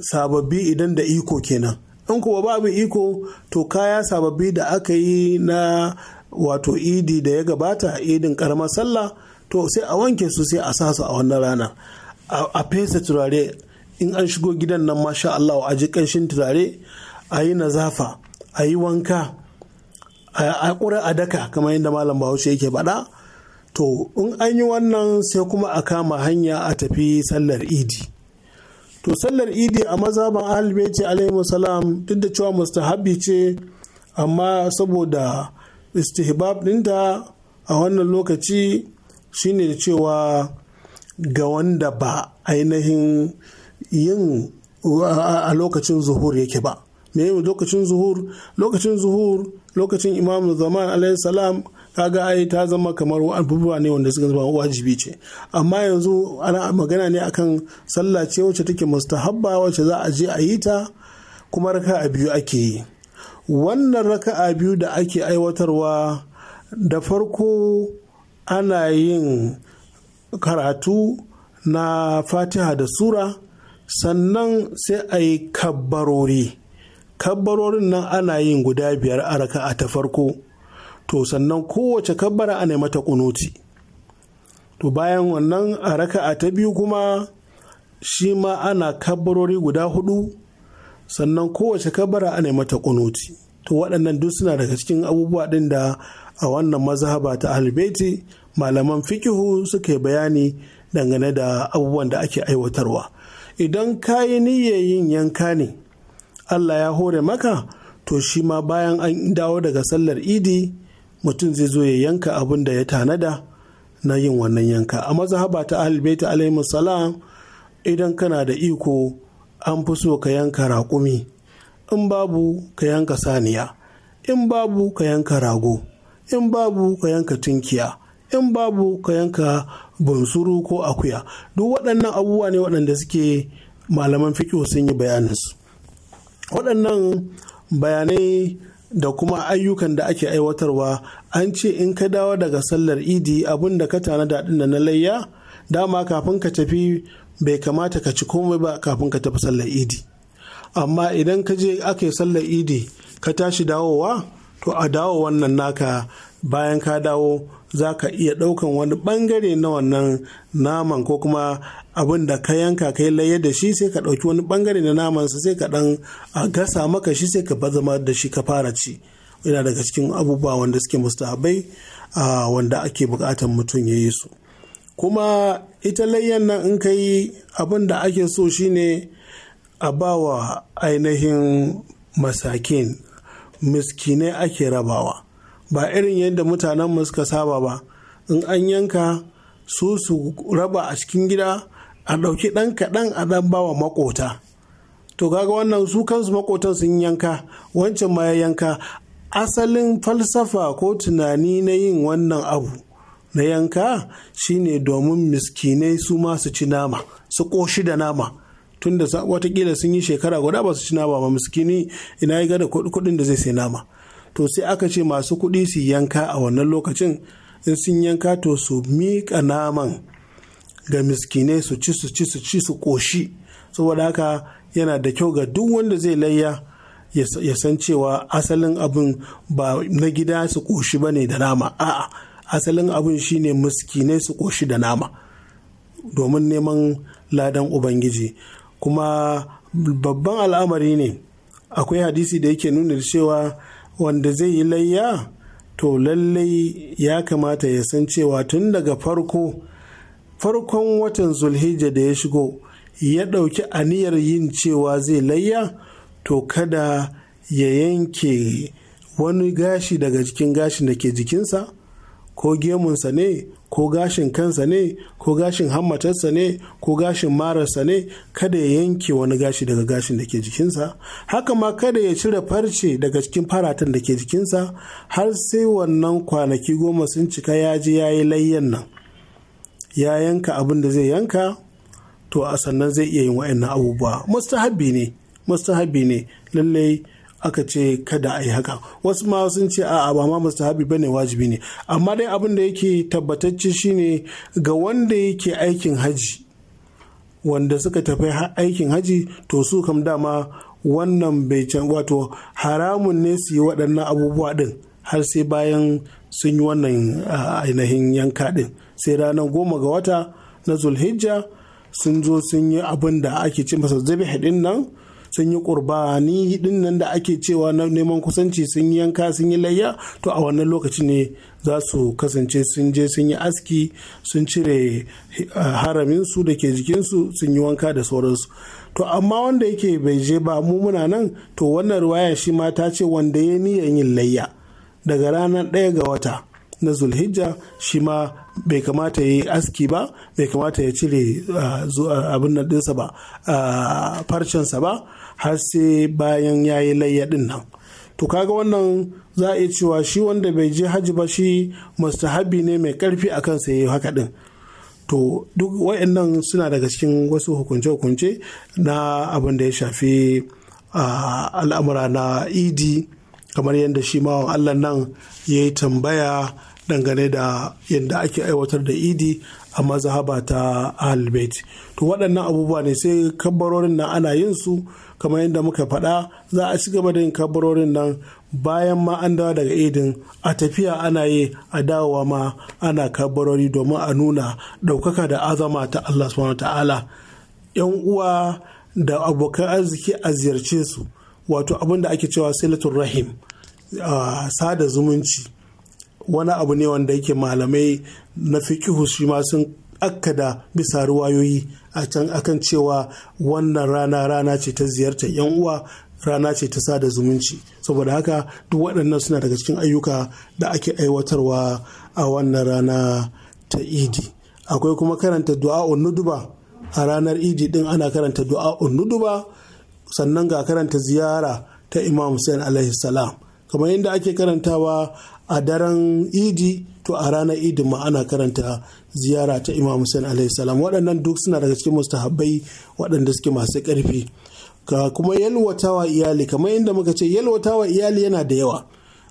sababbi idan da iko kenan in kuwa babu iko to kaya sababbi da aka yi na wato idi da ya gabata idin karamar sallah to sai a wanke su sai a sa su a wannan ranar a fesa turare in an shigo gidan nan masha Allah a ji kanshin turare a yi nazafa a yi wanka a ƙura a daka kamar yadda malam bahaushe yake baɗa to in an yi wannan sai kuma a kama hanya a tafi sallar idi to sallar idi a mazaban ahalbeci alaihi salam duk da cewa mustahabi ce amma saboda istihbab ɗinta a wannan lokaci shine cewa ga wanda ba ainihin yin a lokacin zuhur yake ba me lokacin zuhur lokacin zuhur lokacin imam zaman alayhi salam kaga ai ta zama kamar abubuwa ne wanda suka zama wajibi ce amma yanzu ana magana ne akan sallah ce wacce take mustahabba wacce za a je a yi ta kuma raka'a biyu ake yi wannan raka'a biyu da ake aiwatarwa da farko ana yin karatu na fatiha da sura sannan sai a yi kabbarori kabbarorin nan ana yin guda biyar a raka'a ta farko to sannan kowace kabbara ana mata kunuti to bayan wannan a raka'a ta biyu kuma shi ma ana kabarori guda hudu sannan kowace kabara ana mata kunuti to waɗannan duk suna daga cikin abubuwa ɗin da a wannan mazhaba ta albeti malaman fikihu suka bayani dangane da abubuwan da ake aiwatarwa idan ka yi niyyar yin yanka ne allah ya hore maka to shi ma bayan an dawo daga sallar idi mutum zai zo ya yanka abin da ya tanada na yin wannan yanka a mazhaba ta ahlbaita alaihi salam idan kana da iko an fi so ka yanka raƙumi in babu ka yanka saniya in babu ka yanka rago in babu ka yanka tunkiya in babu ka yanka bunsuru ko akuya duk waɗannan abubuwa ne waɗanda suke malaman fiƙo sun yi bayaninsu waɗannan bayanai da kuma ayyukan da ake aiwatarwa an ce in ka dawo daga sallar idi abin da ka daɗin da na layya dama kafin ka tafi bai kamata ka ci komai ba kafin ka tafi sallar idi amma idan ka je ake sallar idi ka tashi dawowa to a dawo wannan naka bayan ka dawo za ka iya ɗaukan wani ɓangare na wannan naman ko kuma abin da ka yanka ka yi laye da shi sai ka ɗauki wani ɓangare na namansa sai ka ɗan gasa maka shi sai ka zama da shi ka fara ci yana daga cikin abubuwa wanda suke mustahabai wanda ake bukatan mutum ya yi su kuma ita layyan nan in ka yi abin da ake so shine a ba wa ainihin masakin miskinai ake rabawa ba irin yadda mutanen suka saba ba in an yanka su su raba a cikin gida a ɗauki ɗan kaɗan a ɗan bawa makota to kaga wannan su kansu makotan sun yanka wancan ma ya yanka asalin falsafa ko tunani na yin wannan abu na yanka shine domin miskinai su ma su ci nama su ƙoshi da nama tunda watakila sun yi shekara guda ba su ci nama ba miskini ina ya gada kuɗin da zai sai nama to sai aka ce masu kuɗi su yanka a wannan lokacin in sun yanka to su miƙa naman ga miskinai su ci su ci su ci su ƙoshi saboda haka yana da kyau ga duk wanda zai layya ya san cewa asalin abin ba na gida su ƙoshi ba ne da nama a'a asalin abin shine miskinai su ƙoshi da nama domin neman ladan ubangiji kuma babban al'amari ne akwai hadisi da yake nuna cewa wanda zai yi layya to lallai ya kamata ya san cewa tun daga farko farkon watan zulhijja da ya shigo ya ɗauki aniyar yin cewa zai layya to kada ya yanke wani gashi daga jikin gashin da ke jikinsa ko gemunsa ne ko gashin kansa ne ko gashin hammatarsa ne ko gashin mararsa ne kada ya yanke wani gashi daga gashin da ke jikinsa haka ma kada ya cire farce daga cikin faratan da ke jikinsa har sai wannan kwanaki goma sun cika ya ji ya yi layyan nan ya yanka abin da zai yanka to a sannan zai iya yin wa'annan abubuwa mustahabbi ne mustahabbi ne lallai aka ce kada a yi haka wasu ma sun ce a'a ba ma mustahabi bane wajibi ne amma dai abin da yake tabbatacce shine ga wanda yake aikin haji wanda suka tafi aikin haji to su kam dama wannan bai can wato haramun ne su yi waɗannan abubuwa ɗin har sai bayan sun yi wannan ainihin yanka ɗin sai ranar goma ga wata na zulhijja sun zo sun yi abin da ake ce masa zabi haɗin nan sun yi qurbani din nan da ake cewa na neman kusanci sun yi yanka sun yi layya to a wannan lokaci ne za su kasance sun je sun yi aski sun cire eh, haramin su da ke jikinsu sun yi wanka da sauransu to amma wanda yake bai je ba mu muna nan to wannan ruwaya shi ma ta ce wanda ya niyan yin layya daga ranar ɗaya ga wata na zulhijja shi ma bai kamata ya yi aski ba bai kamata ya cire ah, abin nan ɗinsa ba ah, farcensa ba har sai bayan ya yi layya nan to kaga wannan za a iya cewa shi wanda bai je hajji ba shi mustahabi ne mai karfi a kan sai haka din to duk wayannan suna daga cikin wasu hukunce-hukunce na abin da ya shafi al'amura na idi kamar yadda shi ma allah nan ya yi tambaya dangane da yadda ake aiwatar da idi a mazahaba ta to waɗannan abubuwa ne sai kabbarorin na ana yin su kamar yadda muka faɗa za a ci gaba da yin kabarorin nan bayan ma an dawo daga idin a tafiya ana yi a dawowa ma ana kabarori domin a nuna ɗaukaka da azama ta Allah subhanahu ta'ala yan uwa da abokan arziki a ziyarce su wato abin da ake cewa silatul rahim sada zumunci wani abu ne wanda yake malamai na fikihu shi ma sun akkada bisa ruwayoyi a can akan cewa wannan rana rana ce ta ziyarta 'yan uwa rana ce ta sada zumunci saboda haka duk waɗannan suna daga cikin ayyuka da ake aiwatarwa a wannan rana ta idi akwai kuma karanta du'a'un nuduba a ranar idi din ana karanta du'a'un nuduba sannan ga karanta ziyara ta imam hussein alaihi salam kamar yadda ake karantawa a daren idi to a ranar idin ma ana karanta ziyara ta imam hussein alaihi salam waɗannan duk suna daga cikin mustahabbai waɗanda suke masu ƙarfi ka kuma yalwatawa iyali kamar yadda muka ce yalwatawa iyali yana da yawa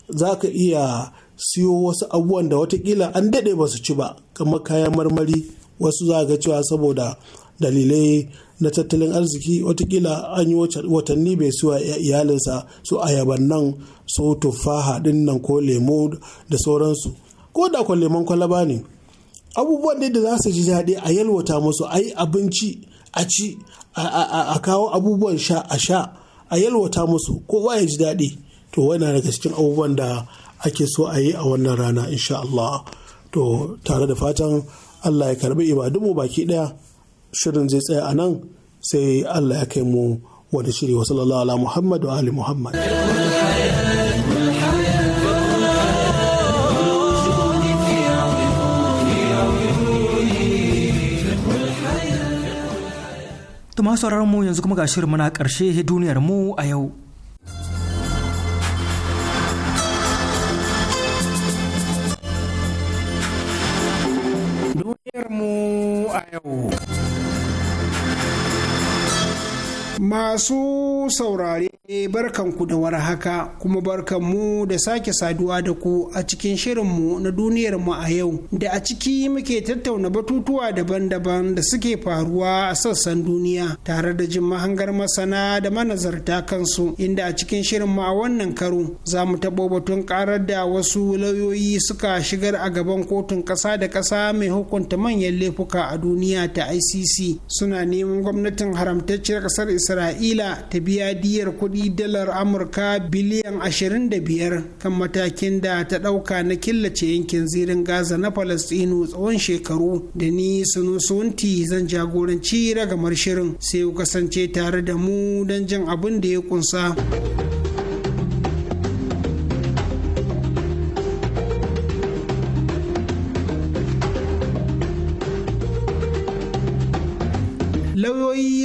za ka iya siyo wasu abubuwan da watakila an daɗe ba su ci ba kamar kayan marmari wasu za ga cewa saboda dalilai na tattalin arziki watakila an yi watanni bai suwa iyalinsa su ayaban nan su tufaha din nan ko lemo da sauransu ko da kwan lemon kwalaba ne abubuwan da za su ji daɗi a yalwata musu a yi abinci a ci a kawo abubuwan sha a sha a yalwata musu ko ya ji daɗi to wani daga cikin abubuwan da ake so a yi a wannan rana insha Allah to tare da fatan Allah ya karbi ibadunmu baki ɗaya shirin zai tsaya a nan sai Allah ya kai mu wani shiri wa sallallahu ala Muhammad wa ali Muhammad. To masu mu yanzu kuma ga shirin mana ƙarshe duniyar mu a yau. Duniyar mu a yau. Masu saurare E barkanku da war haka kuma barkanmu da sake saduwa da ku a cikin shirin mu na duniyarmu a yau da a ciki muke tattauna batutuwa daban-daban da suke faruwa a sassan duniya tare da jin mahangar masana da manazarta kansu inda a cikin shirin mu a wannan karo za mu taɓo batun karar da wasu lauyoyi suka shigar a gaban kotun ƙasa da ƙasa mai hukunta manyan laifuka a duniya ta ICC suna neman gwamnatin haramtacciyar ƙasar Isra'ila ta biya diyar kuɗi kudi dalar amurka biliyan 25 kan matakin da ta ɗauka na killace yankin zirin gaza na palestinu tsawon shekaru da ni sunusunti zan jagoranci ragamar shirin sai ku kasance tare da mu don jin abin da ya kunsa.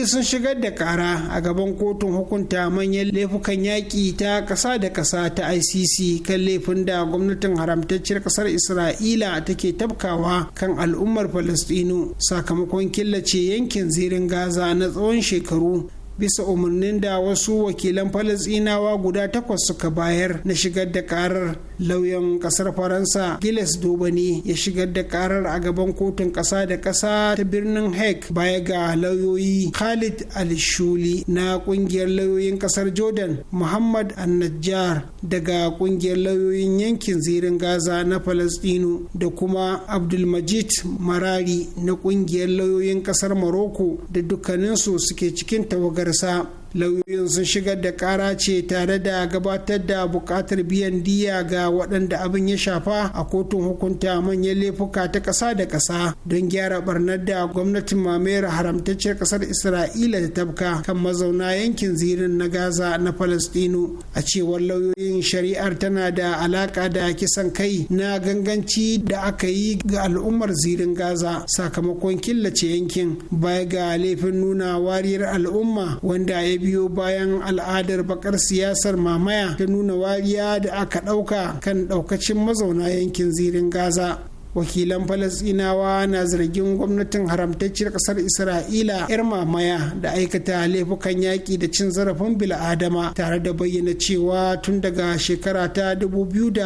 sun shigar da kara a gaban kotun hukunta manyan laifukan yaƙi ta ƙasa da ƙasa ta icc kan laifin da gwamnatin haramtacciyar ƙasar isra'ila take tabkawa kan al'ummar falastinu sakamakon killace yankin zirin gaza na tsawon shekaru bisa umarnin da wasu wakilan falasinawa guda takwas suka bayar na shigar da karar lauyan kasar faransa giles dubani ya shigar da karar a gaban kotun kasa da kasa ta birnin hek baya ga lauyoyi khalid al-shuli na kungiyar lauyoyin kasar jordan muhammad an-najjar daga kungiyar lauyoyin yankin zirin gaza na falasdino da kuma abdulmajid marari na kungiyar lauyoyin kasar morocco da dukkaninsu suke cikin tawagar zuriyarsa lauyoyin sun shigar da kara ce tare da gabatar da bukatar biyan diya ga waɗanda abin ya shafa a kotun hukunta manyan laifuka ta ƙasa da ƙasa don gyara barnar da gwamnatin mamayar haramtacciyar ƙasar isra'ila ta tabka kan mazauna yankin zirin na gaza na falastinu a cewar lauyoyin shari'ar tana da alaƙa da kisan kai na ganganci da aka yi ga al'ummar zirin gaza sakamakon killace yankin baya ga laifin nuna wariyar al'umma wanda ya biyo bayan al'adar bakar siyasar mamaya ta nuna wariya da aka ɗauka kan ɗaukacin mazauna yankin zirin gaza wakilan falasinawa na zargin gwamnatin haramtacciyar ƙasar isra'ila yar mamaya da aikata laifukan yaƙi da cin zarafin bil'adama tare da bayyana cewa tun daga shekara ta 2020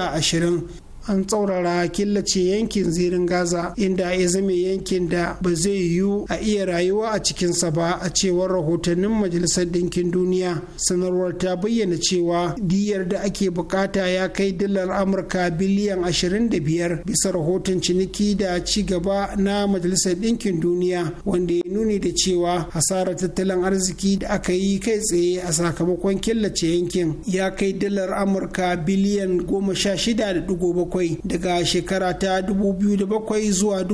an tsaurara killace yankin zirin gaza inda ya zame yankin da ba zai yiwu a iya rayuwa a cikinsa ba a cewar rahotannin majalisar ɗinkin duniya sanarwar ta bayyana cewa diyar da ake bukata ya kai dalar amurka biliyan 25 bisa rahoton ciniki da ci gaba na majalisar ɗinkin duniya wanda ya nuni da cewa hasarar tattalin arziki da aka yi kai tsaye a sakamakon killace yankin ya kai dalar amurka biliyan 16.7 bakwai daga shekara ta 2007 zuwa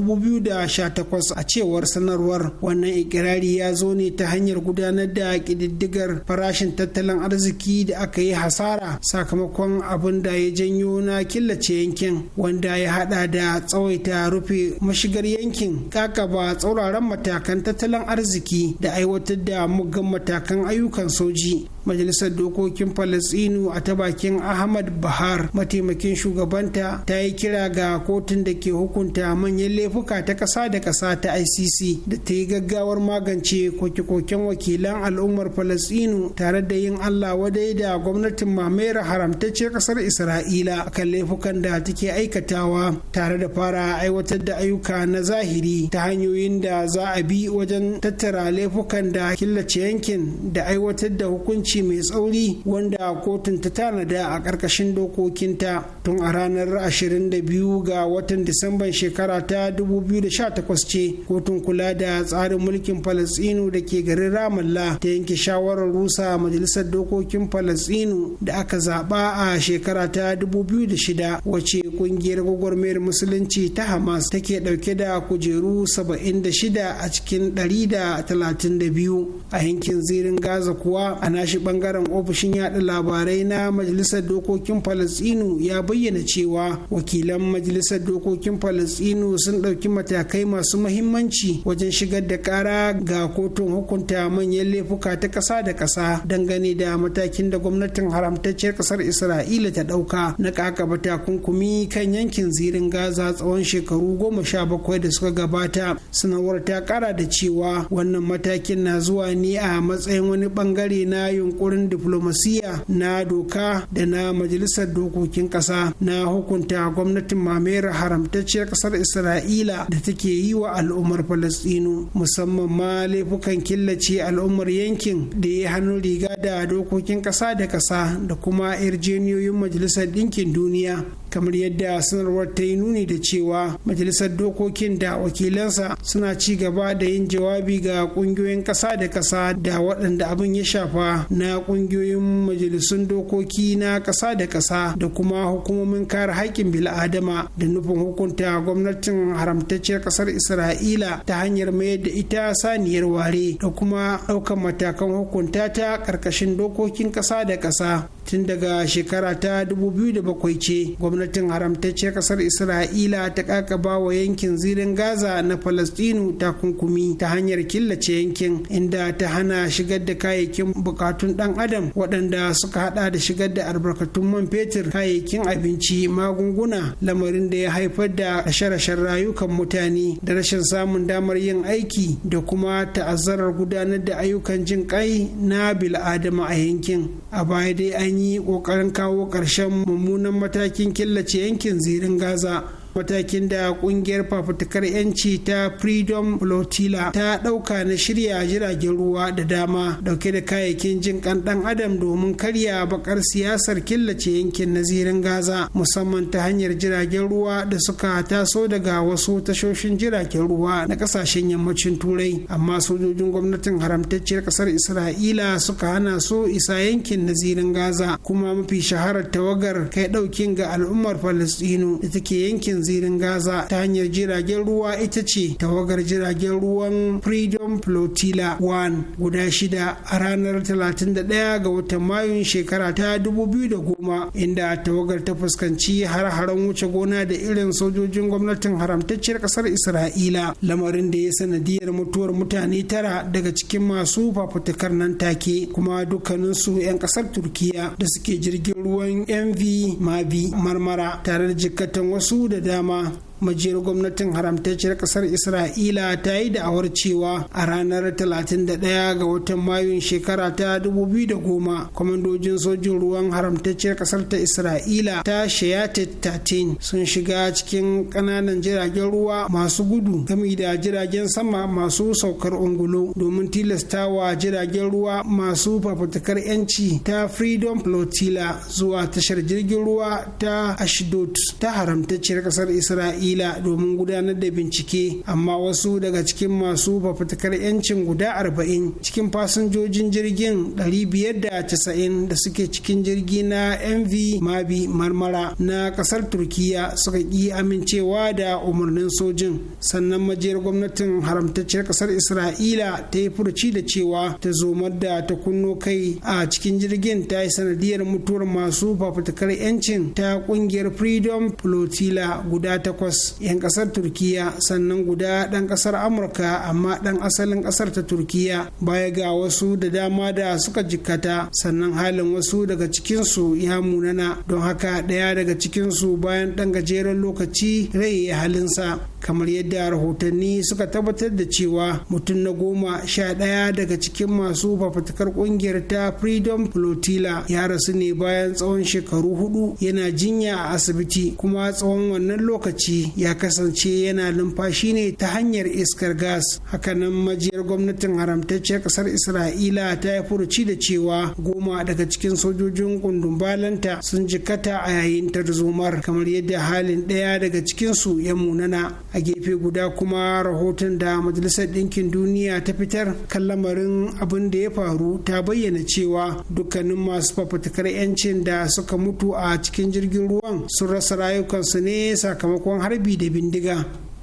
takwas a cewar sanarwar wannan ikirari ya zo ne ta hanyar gudanar da kididdigar farashin tattalin arziki da aka yi hasara sakamakon abin da ya janyo na killace yankin wanda ya hada da tsawaita rufe mashigar yankin kakaba tsauraran matakan tattalin arziki da aiwatar da muggan matakan ayyukan soji majalisar dokokin falasinu a ta bakin ahmad bahar mataimakin shugabanta ta yi kira ga kotun da ke hukunta manyan laifuka ta ƙasa da ƙasa ta icc da ta yi gaggawar magance koke-koken wakilan al'ummar falasinu tare da yin allah wadai da gwamnatin mamayar haramtacce ƙasar isra'ila akan laifukan da take aikatawa tare da fara aiwatar da ayyuka na zahiri ta hanyoyin da za a bi wajen tattara laifukan da killace yankin da aiwatar da hukunci hukunci mai tsauri wanda kotun ta tanada a ƙarƙashin dokokinta tun a ranar 22 ga watan disamban shekara ta 2018 ce kotun kula da tsarin mulkin falasinu da ke garin ramalla ta yanke shawarar rusa majalisar dokokin falasinu da aka zaɓa a shekara ta 2006 wace ƙungiyar gwagwarmayar musulunci ta hamas take ɗauke da kujeru 76 a cikin 132 a yankin zirin gaza kuwa a nashi bangaren ofishin yada labarai na majalisar dokokin falasinu ya bayyana cewa wakilan majalisar dokokin falasinu sun ɗauki matakai masu mahimmanci wajen shigar da kara ga kotun hukunta manyan laifuka ta ƙasa da ƙasa dangane da matakin da gwamnatin haramtacciyar ƙasar isra'ila ta ɗauka na kakaba takunkumi kan yankin zirin gaza tsawon shekaru goma sha bakwai da suka gabata sanarwar ta ƙara da cewa wannan matakin na zuwa ne a matsayin wani bangare na yunkurin yunkurin diflomasiya na doka da na majalisar dokokin ƙasa na hukunta gwamnatin mamayar haramtacciyar ƙasar isra'ila da take yi wa al'ummar falastinu musamman ma laifukan killace al'ummar yankin da ya hannu riga da dokokin ƙasa da ƙasa da kuma yarjeniyoyin majalisar ɗinkin duniya kamar yadda sanarwar ta yi nuni da cewa majalisar dokokin da wakilansa suna ci gaba da yin jawabi ga ƙungiyoyin ƙasa da ƙasa da waɗanda abin ya shafa na na kungiyoyin majalisun dokoki na ƙasa da ƙasa da kuma hukumomin kare haƙƙin bil'adama da nufin hukunta gwamnatin haramtacciyar ƙasar isra'ila ta hanyar mayar da ita saniyar ware da kuma ɗaukar matakan hukunta ta ƙarƙashin dokokin ƙasa da ƙasa tun daga shekara ta da bakwai ce gwamnatin haramtacce kasar isra'ila ta kakaba wa yankin zirin gaza na palestinu takunkumi ta hanyar killace yankin inda ta hana shigar da kayayyakin bukatun dan adam waɗanda suka hada da shigar da albarkatun man fetur kayayyakin abinci magunguna lamarin da ya haifar da rashe-rashen rayukan mutane da rashin samun damar yin aiki da kuma ta'azzarar gudanar da ayyukan jin kai na bil'adama a yankin a baya dai an yi yi ƙoƙarin kawo ƙarshen mummunan matakin killace yankin zirin gaza matakin da kungiyar fafutukar yanci ta freedom flotilla ta dauka na shirya jiragen ruwa da dama dauke da kayayyakin jin kan dan adam domin karya bakar siyasar killace yankin nazirin gaza musamman ta hanyar jiragen ruwa da suka taso daga wasu tashoshin jiragen ruwa na kasashen yammacin turai amma sojojin gwamnatin haramtacciyar kasar isra'ila suka hana su isa yankin nazirin gaza kuma mafi shaharar tawagar kai daukin ga al'ummar falastinu da take yankin zirin gaza ta hanyar jiragen ruwa ita ce tawagar jiragen ruwan freedom flotilla 1 guda shida a ranar 31 ga watan mayun shekara ta 2010 inda tawagar ta fuskanci har-haren wuce gona da irin sojojin gwamnatin haramtacciyar kasar isra'ila lamarin da ya sanadiyar mutuwar mutane tara daga cikin masu fafutukar nan take kuma dukkaninsu 'yan kasar turkiya da suke jirgin ruwan mv mavi marmara tare da jikkatan wasu da 吗？majiyar gwamnatin haramtacciyar kasar isra'ila ta yi da'awar cewa a ranar 31 ga watan mayun shekara ta 2010 kwamandojin sojin ruwan haramtacciyar kasar ta isra'ila ta shayatit 13 sun shiga cikin kananan jiragen ruwa masu gudu gami da jiragen sama masu saukar ungulo domin tilastawa jiragen ruwa masu fafutukar 'yanci ta freedom flotilla zuwa tashar jirgin ruwa ta ashdod ta haramtacciyar kasar isra'ila isra'ila domin gudanar da bincike amma wasu daga cikin masu fafutukar 'yancin guda 40 cikin fasinjojin jirgin 590 da suke cikin jirgi na mv mabi marmara na kasar turkiya suka ƙi amincewa da umarnin sojin sannan majiyar gwamnatin haramtacciyar kasar isra'ila ta yi furci da cewa ta zomar da ta kunno kai a cikin jirgin ta yi sanadiyar mutuwar masu fafutukar 'yancin ta kungiyar freedom flotilla guda takwas takwas 'yan kasar turkiya sannan guda ɗan kasar amurka amma ɗan asalin kasar ta turkiya baya ga wasu da dama da suka jikkata sannan halin wasu daga cikinsu ya munana don haka ɗaya daga cikinsu bayan ɗan gajeren lokaci rai ya halinsa kamar yadda rahotanni suka tabbatar da cewa mutum na goma sha ɗaya daga cikin masu fafatakar ƙungiyar ta freedom flotilla ya rasu ne bayan tsawon shekaru hudu yana jinya a asibiti kuma tsawon wannan lokaci ya kasance yana numfashi ne ta hanyar iskar gas hakanan majiyar gwamnatin haramtacciyar kasar isra'ila ta yi furuci da cewa goma daga cikin sojojin balanta sun jikata a yayin tarzomar kamar yadda halin ɗaya daga cikin su ya munana a gefe guda kuma rahoton da majalisar ɗinkin duniya ta fitar kan lamarin abin da ya faru ta bayyana cewa dukkanin masu fafutukar 'yancin da suka mutu a cikin jirgin ruwan sun rasa rayukansu ne sakamakon har harbi da bindiga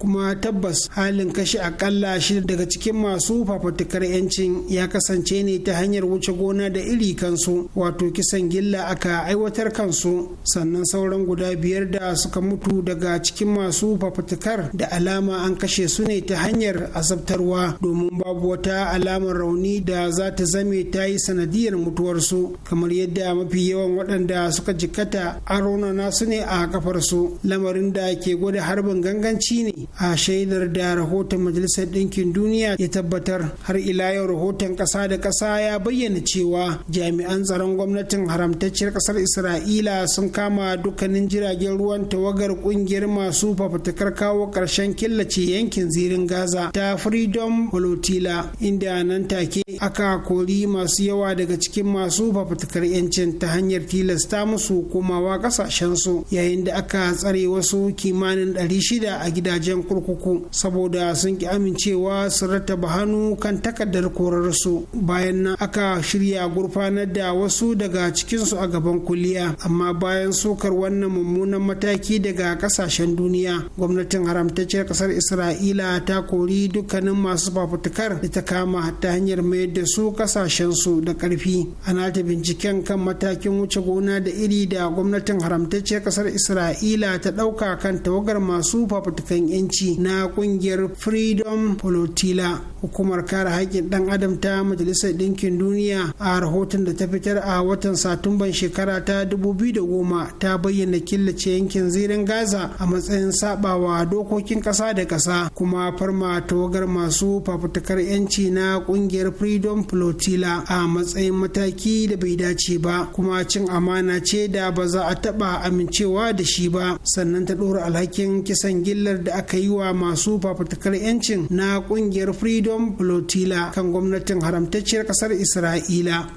kuma tabbas halin kashe akalla shida daga cikin masu fafatukar 'yancin ya kasance ne ta hanyar wuce gona da iri kansu wato kisan gilla aka aiwatar kansu sannan sauran guda biyar da suka mutu daga cikin masu fafatukar da alama an kashe su ne ta hanyar azabtarwa domin babu wata alamar rauni da za ta zame ta yi sanadiyar mutuwarsu kamar yadda mafi yawan waɗanda suka jikkata an nasu su ne a kafar su lamarin da ke gwada harbin ganganci ne a shaidar da rahoton majalisar ɗinkin duniya ya tabbatar har ila yau rahoton ƙasa da ƙasa ya bayyana cewa jami'an tsaron gwamnatin haramtacciyar ƙasar isra'ila sun kama dukkanin jiragen ruwan tawagar ƙungiyar masu fafutukar kawo ƙarshen killace yankin zirin gaza ta freedom holotila inda nan take aka kori masu yawa daga cikin masu fafutukar 'yancin ta hanyar tilasta musu komawa ƙasashensu yayin da aka tsare wasu kimanin 600 a gidajen gidan kurkuku saboda sun ki amincewa su rattaba hannu kan takardar korarsu bayan nan aka shirya gurfanar da wasu daga cikinsu a gaban kuliya amma bayan sokar wannan mummunan mataki daga kasashen duniya gwamnatin haramtacciyar kasar isra'ila ta kori dukkanin masu fafutukar da ta kama ta hanyar mayar da su kasashensu da karfi ana ta binciken kan matakin wuce gona da iri da gwamnatin haramtacciyar kasar isra'ila ta ɗauka kan tawagar masu fafutukan yanci 'yanci na kungiyar freedom polotila hukumar kare haƙƙin ɗan adam ta majalisar ɗinkin duniya a rahoton da ta fitar a watan satumban shekara ta 2010 ta bayyana killace yankin zirin gaza a matsayin sabawa dokokin ƙasa da ƙasa kuma farma tawagar masu fafutukar 'yanci na kungiyar freedom flotilla a matsayin mataki da bai dace ba kuma cin amana ce da ba za a taɓa amincewa da shi ba sannan ta ɗora alhakin kisan gillar da aka yi yi wa masu fafutukar 'yancin na kungiyar freedom flotilla kan gwamnatin haramtacciyar kasar isra'ila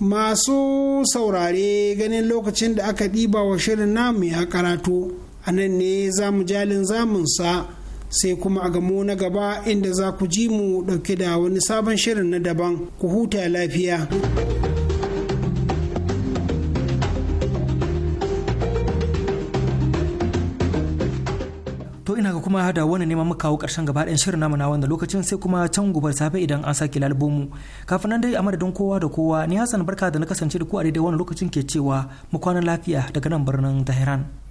masu saurare ganin lokacin da aka ɗiba wa shirin namu ya karatu a nan ne za mu jalin zamunsa sai kuma a gamo na gaba inda za ku ji mu ɗauke da wani sabon shirin na daban ku huta lafiya. ina ga kuma da wani neman muka kawo karshen gaba ɗayan shirin namu na wanda lokacin sai kuma can gubar safe idan an sake lalbomu kafin nan dai a madadin kowa da kowa ni Hassan barka da na kasance da ku a daidai wani lokacin ke cewa mu kwana lafiya daga nan birnin Tehran.